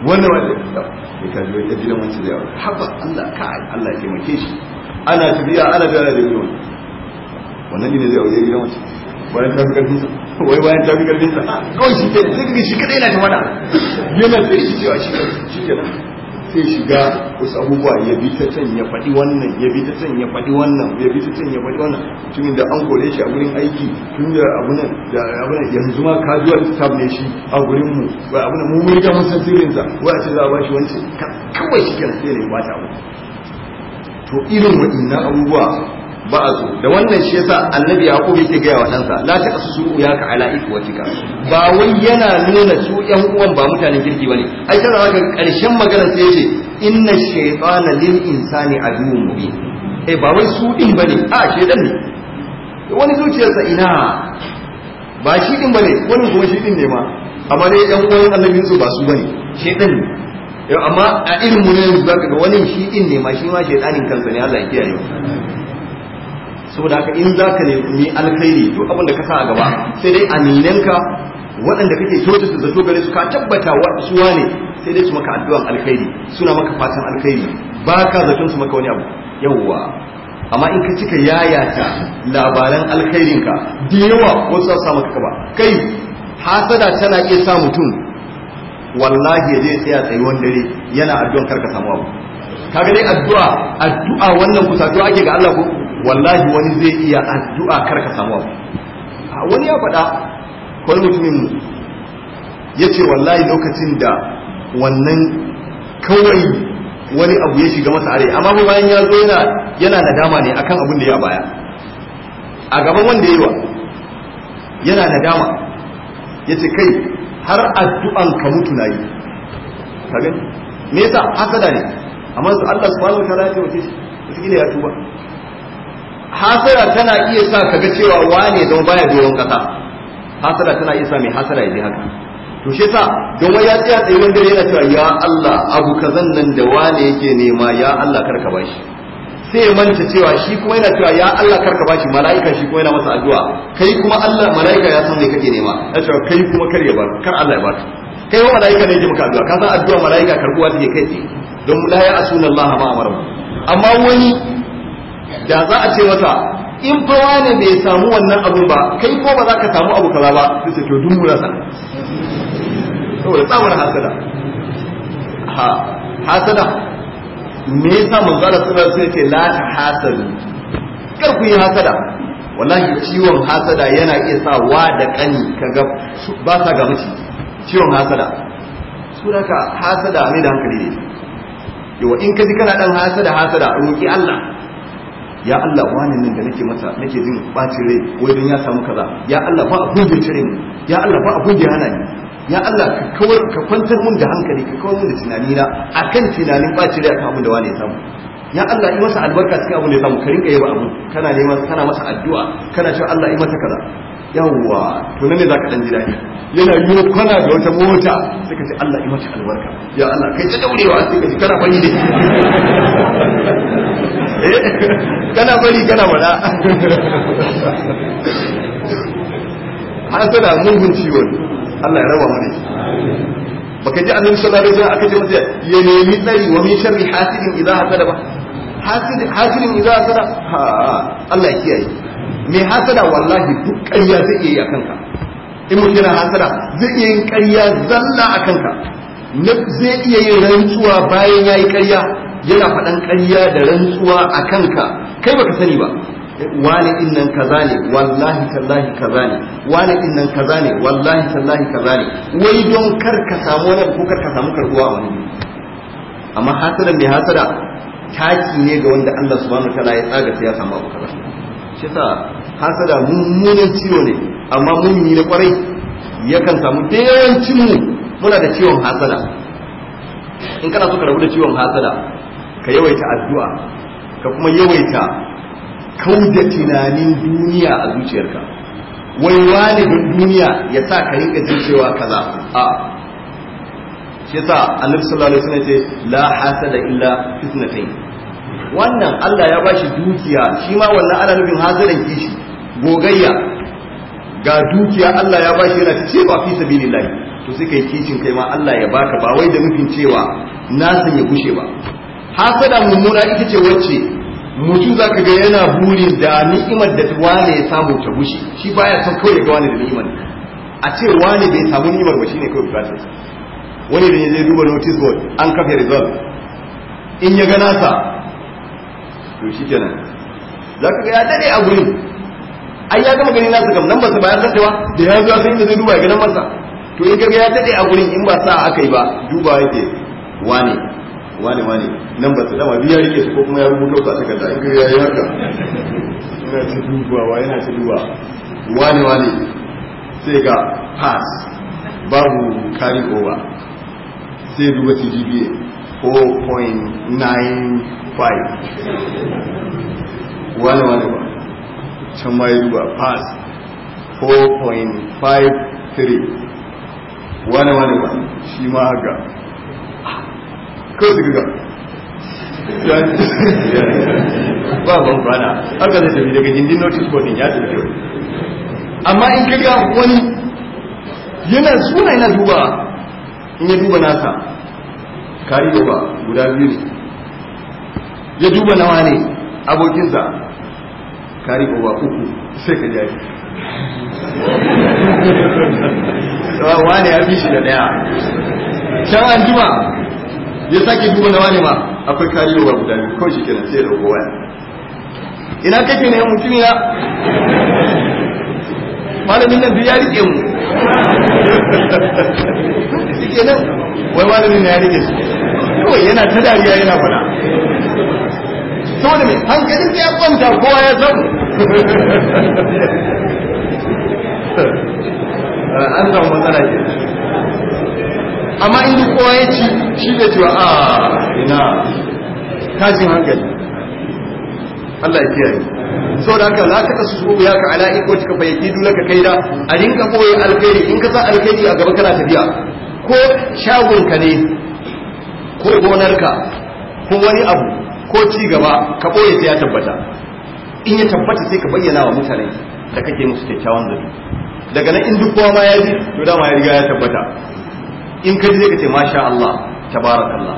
wannan wanda ya ya kaji wani ya ji da mace da yawa Allah kai Allah ya taimake shi ana tafiya ana da da yawa wannan ne zai aure gidan mace bayan ta fi karfin sa wai bayan ta fi karfin sa kawai shi ke zai shi kadai yana ta wada yana sai shi cewa shi ke nan sai shiga wasu abubuwa ya bi ta can ya faɗi wannan ya bi ta can ya faɗi wannan ya bi ta can ya faɗi wannan mutumin da an kore shi a gurin aiki tun da abunan da abunan yanzu ma casual staff ne shi a gurin mu ba abunan mu mun gama san sirrin sa ko a ce za a bashi wancan kawai shi kan sai ne ba ta to irin waɗannan abubuwa ba'azu da wannan shi yasa annabi yaqub yake ga wa ɗansa la ta su ya ka ala ikhwatika ba wai yana nuna su ƴan uwan ba mutanen kirki bane ai kana ga karshen magana sai yace inna shaytana lil insani aduwwun mubin eh ba wai su din bane a shedan ne wani zuciyarsa ina ba shi din bane wani kuma shi din ne ma amma dai ƴan uwan annabin su ba su bane shedan ne eh, amma a irin mu zaka ga wani shi din ne ma shi ma shaytanin kansa ne Allah ya kiyaye saboda haka in za ka nemi alkhairi duk abin da ka sa a gaba sai dai aminanka waɗanda kake so su zato gare su ka tabbata wa su wane sai dai su maka addu'an alkhairi suna maka fatan alkhairi ba ka zaton su maka wani abu yawwa amma in ka cika yayata labaran alkhairinka da yawa wasu sa maka kaba kai hasada tana iya sa mutum wallahi ya zai tsaya tsayuwan dare yana addu'an karka samu abu kaga dai addu'a addu'a wannan kusatuwa ake ga Allah ko wallahi wani zai iya addu'a kar ka samu abu wani ya faɗa wani mutumin ya ce wallahi lokacin da wannan kawai wani abu ya shiga masa are amma bayan ya zo yana yana nadama ne akan abin da ya baya a gaban wanda ya yi wa yana nadama ya ce kai har addu'an ka mutu na yi me yasa hasada ne amma su Allah subhanahu wa ta'ala ya ce wace shi wata ya tuba hasara tana iya sa kaga cewa wane don baya yawan kasa hasara tana iya sa mai hasara ya ji haka to shi sa don wai ya tsaya tsaye wanda yana cewa ya Allah abu kazan nan da wane yake nema ya Allah karka bashi sai manta cewa shi kuma yana cewa ya Allah karka bashi mala'ika shi kuma yana masa addu'a kai kuma Allah mala'ika ya san me kake nema ya cewa kai kuma kar ya bar kar Allah ya bar kai wa mala'ika ne yake maka addu'a ka san addu'a mala'ika karbuwa take kai don la ya asuna Allah ma amara amma wani da za a ce wata in fa ne bai samu wannan abu ba kai ko ba za ka samu abu kaza ba sai ce to dun sa saboda tsamar hasada ha hasada me yasa manzo Allah sallallahu alaihi wasallam la hasadu kar ku yi hasada wallahi ciwon hasada yana iya sa wa da kani kaga ba sa ga miji ciwon hasada suraka hasada mai da hankali ne yo in ka ji kana dan hasada hasada roki Allah ya Allah wani nan da nake masa nake jin bacin rai wai ya samu kaza ya Allah ba abun da cire mu ya Allah ba abun da hana ni ya Allah ka kawar ka kwantar mun da hankali ka kawar mun da tunani na akan tunanin bacin rai akan abun da wani ya samu ya Allah yi masa albarka cikin abun da ya samu ka rinka yaba abun kana neman kana masa addu'a kana cewa Allah yi masa kaza yawwa to nan ne zaka dan ji daɗi? yana yi kwana da wata mota sai ka ce Allah ya mata albarka ya Allah kai ta daurewa sai ka ji kana bari ne eh, kana bari kana wada mun mugun ciwon Allah ya raba mu baka ji annabi sallallahu alaihi wasallam aka ce masa ya nemi tsari wa min sharri hasidin idza hasada ba hasidin hasidin idza hasada ha Allah ya kiyaye mai hasada wallahi duk ƙarya zai iya yi a kanka in mutum yana hasada zai iya yin ƙarya zalla a kanka zai iya yin rantsuwa bayan ya yi ƙarya yana faɗan ƙarya da rantsuwa a kanka kai baka sani ba eh, wani innan kaza ne wallahi tallahi kaza ne wani innan kaza ne wallahi tallahi kaza ne wai don kar ka samu wani ko kar ka samu karbuwa a wani amma hasada mai hasada taki ne ga wanda Allah subhanahu wa ta'ala ya tsaga sai ya samu abu kaza kisa hasada mummunan ciwo ne amma mummi na kwarai yakan samu da yawancin mu muna da ciwon hasada in kana so ka rabu da ciwon hasada ka yawaita addu'a ka kuma yawaita kauda tunanin duniya a zuciyarka wai walibin duniya ya sa ka rinka jin cewa kaza a shi yasa annabi sallallahu alaihi wasallam ce la hasada illa fitnatayn wannan Allah ya bashi dukiya shi ma wannan ana nufin hazirin kishi gogayya ga dukiya Allah ya bashi yana ta ba fi sabilillahi to sai kai kishin kai ma Allah ya baka ba wai da nufin cewa na san ya gushe ba hasada mummuna ita ce wacce mutum zaka ga yana buri da ni'imar da wane ya samu ta gushe shi baya son kawai ga wani da ni'imar a ce wani bai samu ni'imar ba shine kawai bukatarsa wani da ya zai duba notice board an kafa result in ya ga nasa to shi kenan za ka ga ya daɗe a gurin ai ya gama gani nasu kam nan ba su bayan daɗewa da ya zuwa sai da zai duba ya ganin masa to in kaga ya daɗe a gurin in ba sa aka yi ba duba yake wane wane wane nan ba su dama biya rike su ko kuma ya rubuto ka ta da in kaga ya yi haka yana ta wa yana ta duba wane wane sai ga pass babu ko ba sai duba CGPA 4.95 one one Chamayuba pass 4.53 one one one shi ma haka ko ga ba ban bana haka zai tafi daga gindin notice board ya tafi amma in kaga wani yana suna yana duba in ya duba nasa kari ba guda biyu ne ya duba nawa ne abokinsa kari ba uku sai ka jari wa ne fi shi da daya can an juma ya sake duba nawa ne ma akwai kari ba guda biyu kawai shi kenan sai ya dauko waya ina kake ne mutum ya malamin nan biyu ya rike mu wai malamin na ya rike su kawai yana ta dariya yana fada da mai hankalin ya kwanta kowa ya samu an zama matsala ke amma in duk kowa ya ci shi da cewa a ah, ina tashin hankali Allah ya kiyaye da haka za ta kasu su ya ka ala iko ka fa ka kai da a rinka koyi alkhairi in ka sa alkhairi a gaba kana tafiya ko shagon ka ne ko gonarka ko wani abu ko ci gaba ka ɓoye sai ya tabbata in ya tabbata sai ka bayyana wa mutane da kake musu kyakkyawan zato daga nan in duk kowa ma ya ji to dama ya riga ya tabbata in ka ji ka ce masha Allah tabarakallah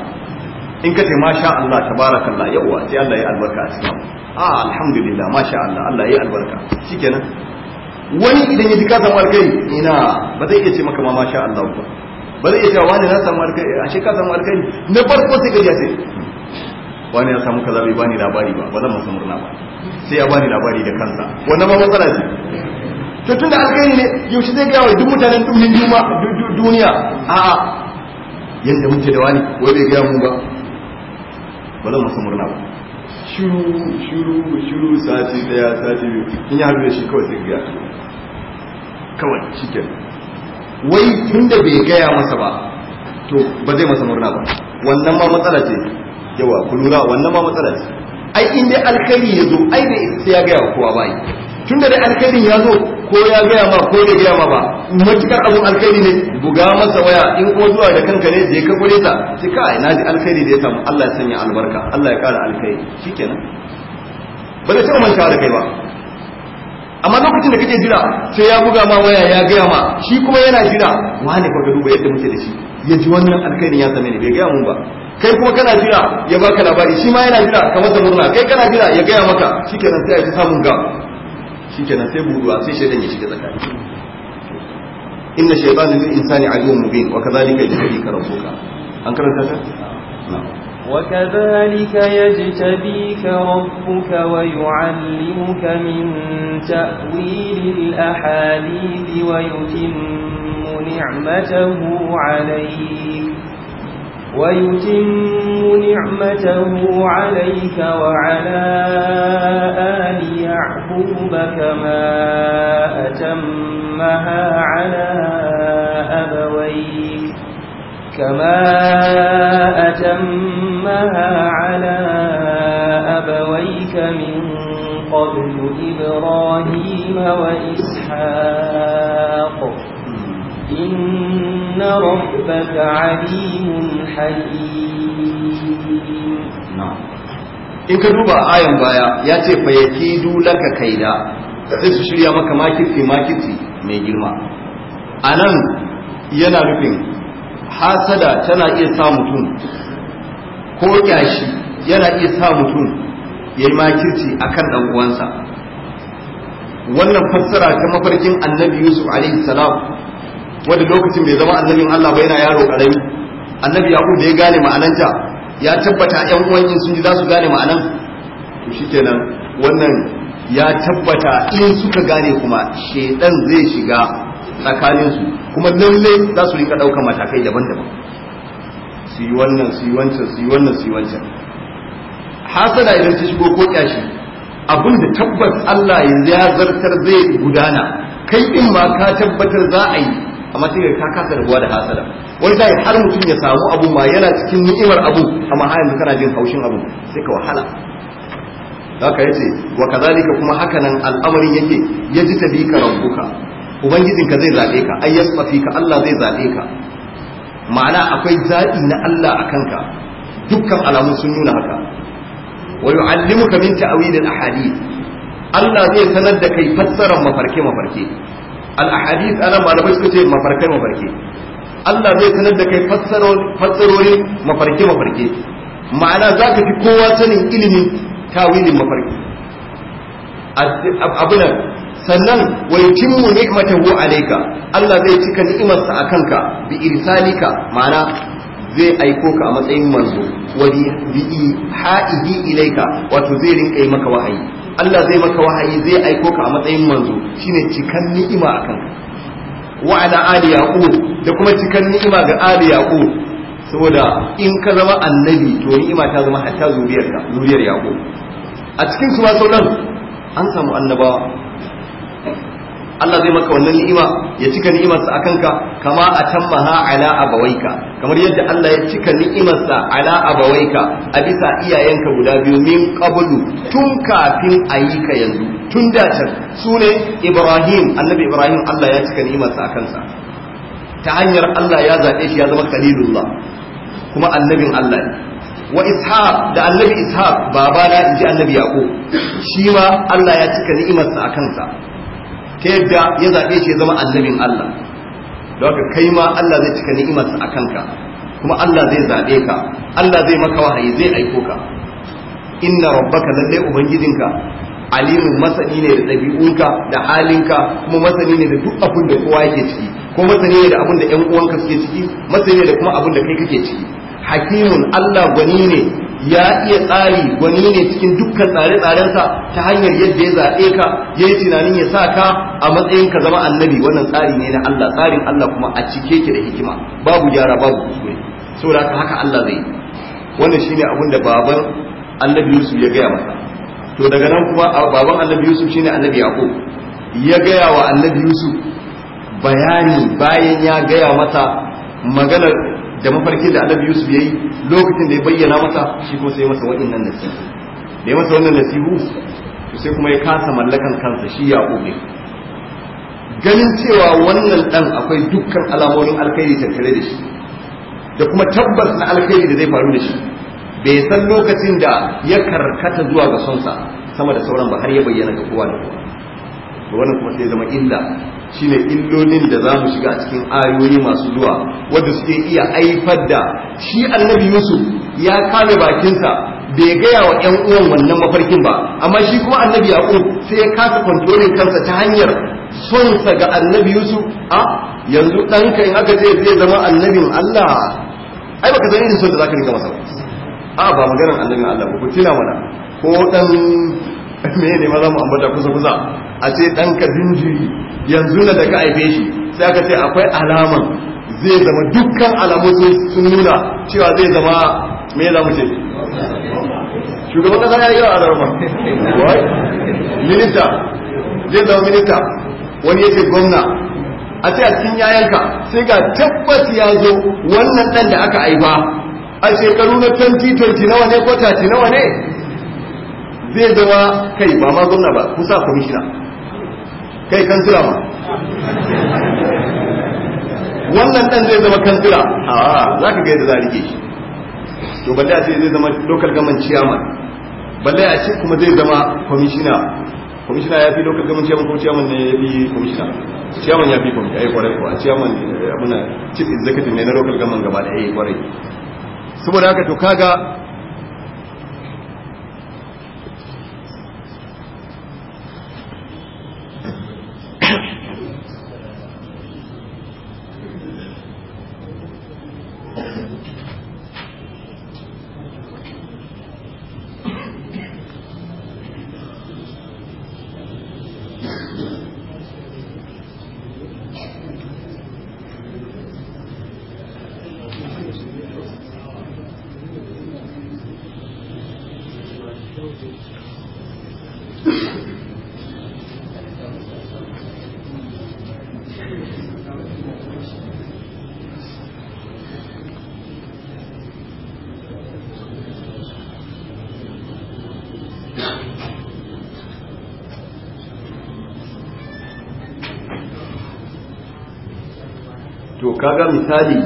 in ka ce masha Allah tabarakallah yawa sai Allah ya albarka a cikin ah alhamdulillah masha Allah Allah ya albarka shikenan wani idan ya ji ka samu alkai ina ba zai iya ce maka ma masha Allah ba ba zai iya cewa wani na samu alkhairi a shi ka samu alkhairi na farko sai gaji sai wani ya samu kaza bai bani labari ba ba zan masa murna ba sai ya bani labari da kansa wannan ba matsala ce to tun da alkhairi ne yaushe zai gaya wa duk mutanen duniya a'a yadda muke da wani wai bai gaya mu ba ba zan masa murna ba shuru shuru shuru sati daya sati biyu in yi haɗu da shi kawai sai gaya kawai shi kenan wai tunda bai gaya masa ba to ba zai masa murna ba wannan ma matsala ce yawa ku lura wannan ma matsala ce ai in dai alkhairi ya zo ai da sai ya gaya kowa ba tunda da alkhairin ya zo ko ya gaya ma ko ya gaya ma ba matukar abun alkhairi ne buga masa waya in kuma zuwa da kanka ne je ka gure ta sai ka ina da alkhairi da ya samu Allah ya sanya albarka Allah ya kara alkhairi shikenan ba da taɓa manta da kai ba amma lokacin da kake jira sai ya buga ma waya ya gaya ma shi kuma yana jira wani ba duba yadda muke da shi ya ji wannan alkhairin ya zame ne bai gaya mun ba kai kuma kana jira ya baka labari shi ma yana jira ka masa murna kai kana jira ya gaya maka shikenan sai ya ci samun ga shikenan sai buduwa sai shaidan ya shiga tsakani إن الشيطان للإنسان عدو مبين وكذلك يجريك ربك أنكرت هذا؟ نعم وكذلك يجتبيك ربك ويعلمك من تأويل الأحاديث ويتم نعمته عليك ويتم نعمته عليك وعلى آل يعقوب كما أتمها على أبويك كما أتمها على أبويك من قبل إبراهيم وإسحاق إن ربك عليم حليم in ka duba ayan baya ya ce fayaki yakidu laka kaida sai su shirya maka makirci makirci mai girma anan yana nufin hasada tana iya sa mutum ko kyashi yana iya sa mutum ya yi makirci a kan uwansa wannan fassara ta mafarkin annabi yusuf alaihi salam wadda lokacin bai zama annabin allah ba yana yaro karami annabi ya da ya gane ma'ananta ya tabbata yan uwan in sun ji za su gane ma'anan to shikenan wannan ya tabbata in suka gane kuma shedan zai shiga tsakanin su kuma lalle za su rika ɗaukar matakai daban-daban su yi wannan su yi wancan su yi wannan su yi wancan hasada idan ta shigo ko kyashi abin da tabbas Allah yanzu ya zartar zai gudana kai in ma ka tabbatar za a yi amma sai ka kasa rabuwa da hasada wani dai har mutum ya samu abu ma yana cikin ni'imar abu amma har yanzu kana jin haushin abu sai ka wahala haka yace wa kazalika kuma hakanan al'amarin yake yaji tabika rabbuka ubangijinka zai zaɓe ka ai yasfafi fika. Allah zai zaɓe ka ma'ana akwai zaɓi na Allah a kanka dukkan alamu sun nuna haka wa yu'allimuka min ta'wil al-ahadith Allah zai sanar da kai fassarar mafarke mafarke al-ahadith ana malamai suka ce mafarke mafarke Allah zai sanar da kai fassarori mafarke mafarke ma'ana za ka fi kowa sanin ilimin tawilin mafarki abinan sannan mu yutimmu ni'matahu alayka Allah zai cika ni'imarsa akan ka bi irsalika ma'ana zai aiko ka a matsayin manzo wa bi ha'ihi ilayka wato zai rinka maka wahayi Allah zai maka wahayi zai aiko ka a matsayin manzo shine cikan ni'ima akan ka wa ala ali yaqub da kuma cikan ni'ima ga ali yaqub saboda in ka zama annabi to ni'ima ta zama hatta zuriyarka zuriyar yaqub a cikin su ma sauran an samu annabawa Allah zai maka wannan ni'ima ya cika ni'imarsa a kanka kama a tammaha ala abawaika kamar yadda Allah ya cika ni'imarsa ala abawaika a bisa iyayenka guda biyu min qablu tun kafin a ka yanzu tun da can sune Ibrahim annabi Ibrahim Allah ya cika ni'imarsa a kansa ta hanyar Allah ya zabe shi ya zama khalilullah kuma annabin Allah ne wa ishaq da annabi ishaq babana inji annabi yaqub shi ma Allah ya cika ni'imarsa a kansa ta yadda ya zaɓe shi ya zama annabin Allah don haka kai ma Allah zai cika ni'imarsa a kanka kuma Allah zai zaɓe ka Allah zai maka wahayi zai aiko ka inna rabbaka lalle ubangijinka alimin masani ne da ɗabi'unka da halinka kuma masani ne da duk abin da kowa yake ciki ko masani ne da abin da ƴan uwanka suke ciki masani ne da kuma abin da kai kake ciki hakimun Allah gwani ne ya iya tsari wani ne cikin dukkan tsare-tsarensa ta hanyar yadda ya zaɓe ka ya yi tunanin ya sa ka a matsayin ka zama annabi wannan tsari ne na Allah tsarin Allah kuma a cike ki da hikima babu gyara babu kuskure saboda haka haka Allah zai wannan shine abin da baban annabi Yusuf ya gaya masa to daga nan kuma baban annabi Yusuf shine annabi Yaqub ya gaya wa annabi Yusuf bayani bayan ya gaya masa maganar da mafarki da annabi yusuf yayi lokacin da ya bayyana masa shi ko sai masa waɗannan nasihu da ya masa wannan nasihu to sai kuma ya kasa mallakan kansa shi ya ne ganin cewa wannan dan akwai dukkan alamomin alkhairi tattare da shi da kuma tabbas na alkhairi da zai faru da shi bai san lokacin da ya karkata zuwa ga sonsa sama da sauran ba har ya bayyana ga kowa da kowa to wannan kuma sai zama illa shine illolin da za mu shiga a cikin ayoyi masu zuwa wanda suke iya haifar da shi annabi Yusuf ya kame bakinsa bai gaya wa ƴan uwan wannan mafarkin ba amma shi kuma annabi Yaqub sai ya kasa kontrolin kansa ta hanyar sonsa ga annabi Yusuf a yanzu ɗanka in aka ce zai zama annabin Allah ai baka san irin son da zaka rika masa ba a ba maganar annabin Allah ba ku tuna mana ko dan me ne maza mu ambata kusa kusa a ce ɗanka jinjiri yanzu na daga aife shi sai aka ce akwai alaman zai zama dukkan alamu sun nuna cewa zai zama mai za ce shugaban kasa ya yi yawa a darban minista zai zama minista wani yake gwamna a ce a cikin yayanka sai ga tabbas ya zo wannan ɗan da aka aiba a shekaru na 2020 nawa ne kwata nawa ne zai zama kai ba ma gwamna ba kusa kwamishina kai kansila ma wannan dan zai zama kansila a za ka ga yadda za a rike shi to balle a ce zai zama local government chairman balle a ce kuma zai zama commissioner commissioner ya fi local government chairman ko chairman ne ya fi commissioner chairman ya fi commissioner yi kwarai kuwa chairman eh, abuna chief executive ne na local government gaba da yi kwarai saboda haka to kaga kaga misali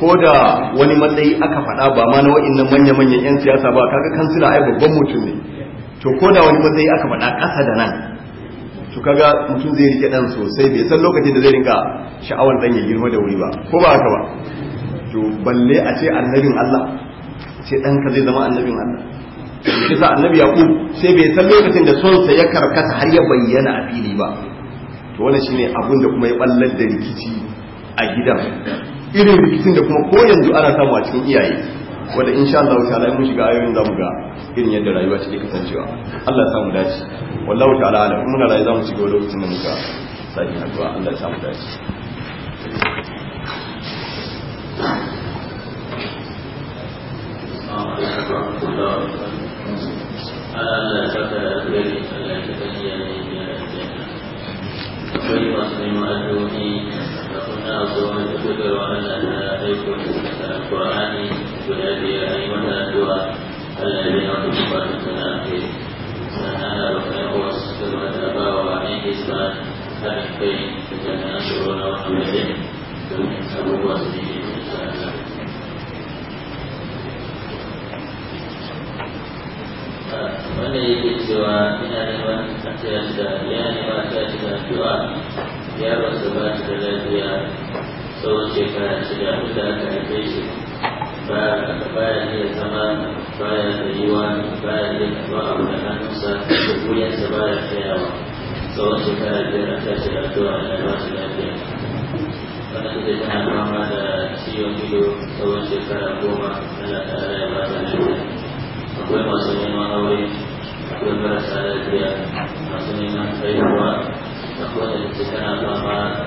ko da wani matsayi aka faɗa ba ma na wa'annan manya-manyan 'yan siyasa ba kaga kansila ai babban mutum ne to ko da wani matsayi aka faɗa ƙasa da nan to kaga mutum zai rike dan sosai bai san lokacin da zai rinka sha'awar dan ya girma da wuri ba ko ba haka ba to balle a ce annabin Allah ce dan ka zai zama annabin Allah shi sa annabi yaqub sai bai san lokacin da son sa ya karkata har ya bayyana a fili ba to wannan shine abun da kuma ya ballar da rikici a gidan irin rikicin da kuma ko yanzu ana samu a cikin iyaye wanda insha Allah ta'ala mun shiga ayoyin zamu ga irin yadda rayuwa take kasancewa Allah ya samu dace wallahu ta'ala muna rayuwa zamu shiga lokacin da muka sake haɗuwa Allah ya samu dace والقرآن والهدي أيمن الدعاء الذين كتب لنا في سنة وكان وسلم الأباء وعين إسلام أحبين فكان شعورنا وحمدين ثم يحسبوا وسلمين wanda yake cewa ina neman a ciyar da ya neman a ciyar da addu'a ya rasu ba shi da lafiya tsawon shekara shida da aka haife shi baya iya zama baya tsayuwa baya iya karɓar abu da hannunsa da wuyansa baya tsayawa tsawon ba shi lafiya wanda tana fama da ciwon ido tsawon shekara goma Allah ta ba ta lafiya akwai masu neman aure akwai marasa lafiya masu neman haihuwa akwai tana fama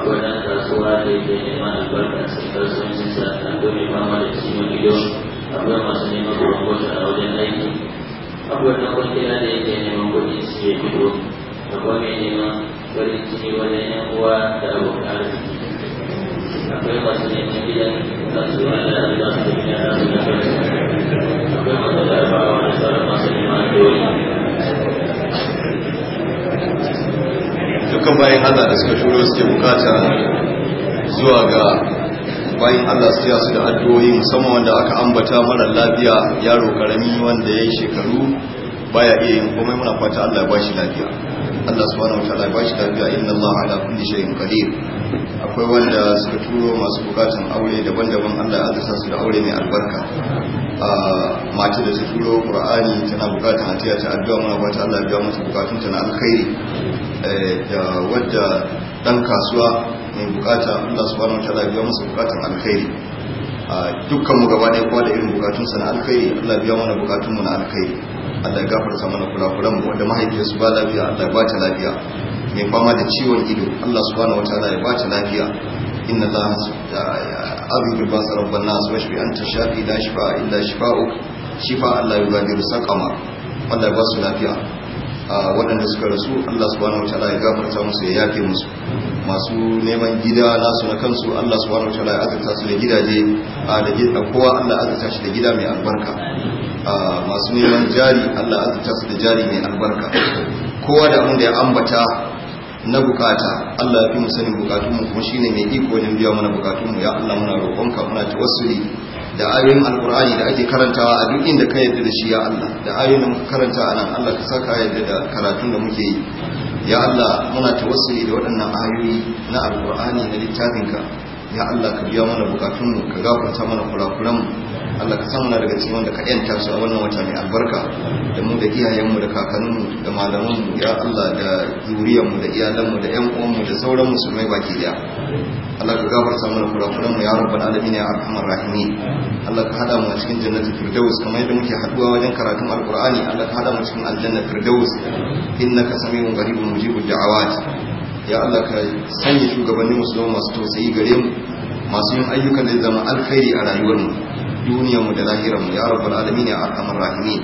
wajen kasuwa da yake neman albarka sai kasuwancin sa akwai mai fama da ciwon ido akwai masu neman gwamnati a wajen aiki akwai na kwangila da yake neman kuɗi ya fito akwai mai neman akwai masu neman gidan kasuwa da za su da gidan jarabawa da dukkan bayan Allah da suka shiro suke bukata zuwa ga bayan Allah su su da addu'o'i musamman wanda aka ambata mara lafiya yaro karami wanda ya yi shekaru baya iya yin komai muna fata Allah ya ba shi lafiya Allah subhanahu wa ta'ala ya ba shi lafiya inna Allah ala kulli shay'in qadir akwai wanda suka turo masu bukatun aure daban-daban Allah ya azurta su da aure mai albarka mace da su turo Qur'ani tana bukatun a tiyata addu'a muna fata Allah ya biya mata bukatun ta na alkhairi Eh, da wadda dan kasuwa mai bukata Allah subhanahu wa ta'ala biya masa bukatun alkhairi dukkan mu gaba ɗaya kowa da irin bukatun sa na alkhairi Allah biya mana bukatun mu na alkhairi Allah ya gafarta mana kurakuran mu wanda mahaifiyar su ba lafiya Allah ya ba ta lafiya mai fama da ciwon ido Allah subhanahu wa ta'ala ya ba ta lafiya inna Allah ba basar rabban nas washfi anta shafi la shifa illa shi shifa Allah shi saqama Allah ya ba su lafiya waɗanda suka rasu Allah subhanahu wataala ya gafarta musu ya yafe musu masu neman gida nasu na kansu Allah subhanahu wataala ya azurta su da gidaje da gida kowa Allah azurta shi da gida mai albarka masu neman jari Allah azurta su da jari mai albarka kowa da abin da ya ambata na bukata Allah ya fi mu sanin bukatunmu kuma shine mai iko wajen biya mana bukatunmu ya Allah muna roƙonka muna tawassuli da ayoyin alkur'ani da ake karantawa a duk inda ka yarda da shi ya Allah da ayoyin karanta a nan Allah ka saka yarda da karatun da muke yi ya Allah muna tawassuli da waɗannan ayoyi na alkur'ani na littafinka ya Allah ka biya mana bukatunmu ka gafarta mana kurakuranmu Allah ka samu daga cikin wanda ka yanta su a wannan wata mai albarka da mu da iyayenmu da kakanninmu da malamanmu ya Allah da zuriyarmu da iyalanmu da ƴan uwanmu da sauran musulmai baki daya Allah ka gafarta mana kurakuran mu ya rabbal alamin ya arhamar rahimi Allah ka hada mu a cikin jannatin firdaus kamar yadda muke haduwa wajen karatun alqur'ani Allah ka hada mu cikin aljannatul firdaus innaka samiun qaribun mujibud da'awat ya Allah ka sanya shugabannin musulmi masu tausayi gare mu masu yin ayyukan da zama alkhairi a rayuwar mu duniyar mu da lahirar mu ya rabbal alamin ya arhamar rahimi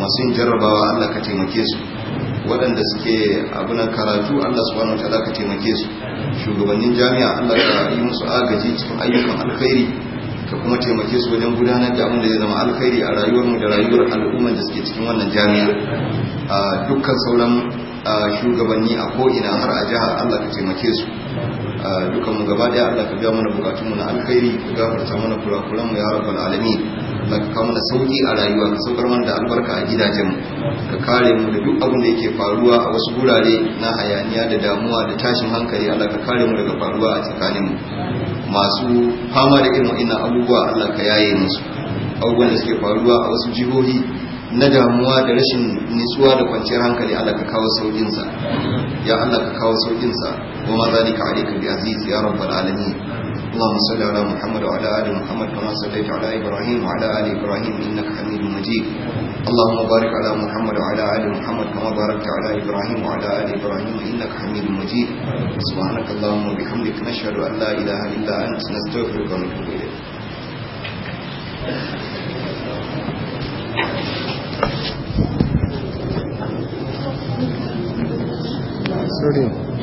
masu yin jarrabawa Allah ka taimake su waɗanda suke abunan karatu Allah subhanahu wa ta'ala ka taimake su shugabannin jami'a Allah ya yi musu agaji cikin ayyukan alkhairi ka kuma taimake su wajen gudanar da abin da zai zama alkhairi a rayuwar mu da rayuwar al'umma da suke cikin wannan jami'a a dukkan sauran shugabanni a ko ina har a jihar Allah ka taimake su dukkan mu gaba daya Allah ka biya mana bukatun mu na alkhairi ka gafarta mana kurakuran mu ya rabbal alamin Allah ka kawo sauki a rayuwa ka saukar mana da albarka a gidajen ka kare mu da duk abin da yake faruwa a wasu gurare na hayaniya da damuwa da tashin hankali Allah ka kare mu daga faruwa a tsakanin masu fama da irin wa'annan abubuwa Allah ka yaye musu abubuwan da suke faruwa a wasu jihohi na damuwa da rashin nutsuwa da kwanciyar hankali Allah ka kawo saukinsa ya Allah ka kawo saukinsa sa kuma zalika alayka bi aziz ya rabbal alamin اللهم صل على محمد وعلى ال محمد كما صليت على ابراهيم وعلى ال ابراهيم انك حميد مجيد اللهم بارك على محمد وعلى ال محمد كما باركت على ابراهيم وعلى ال ابراهيم انك حميد مجيد سبحانك اللهم وبحمدك نشهد ان لا اله الا انت نستغفرك ونتوب اليك Sorry.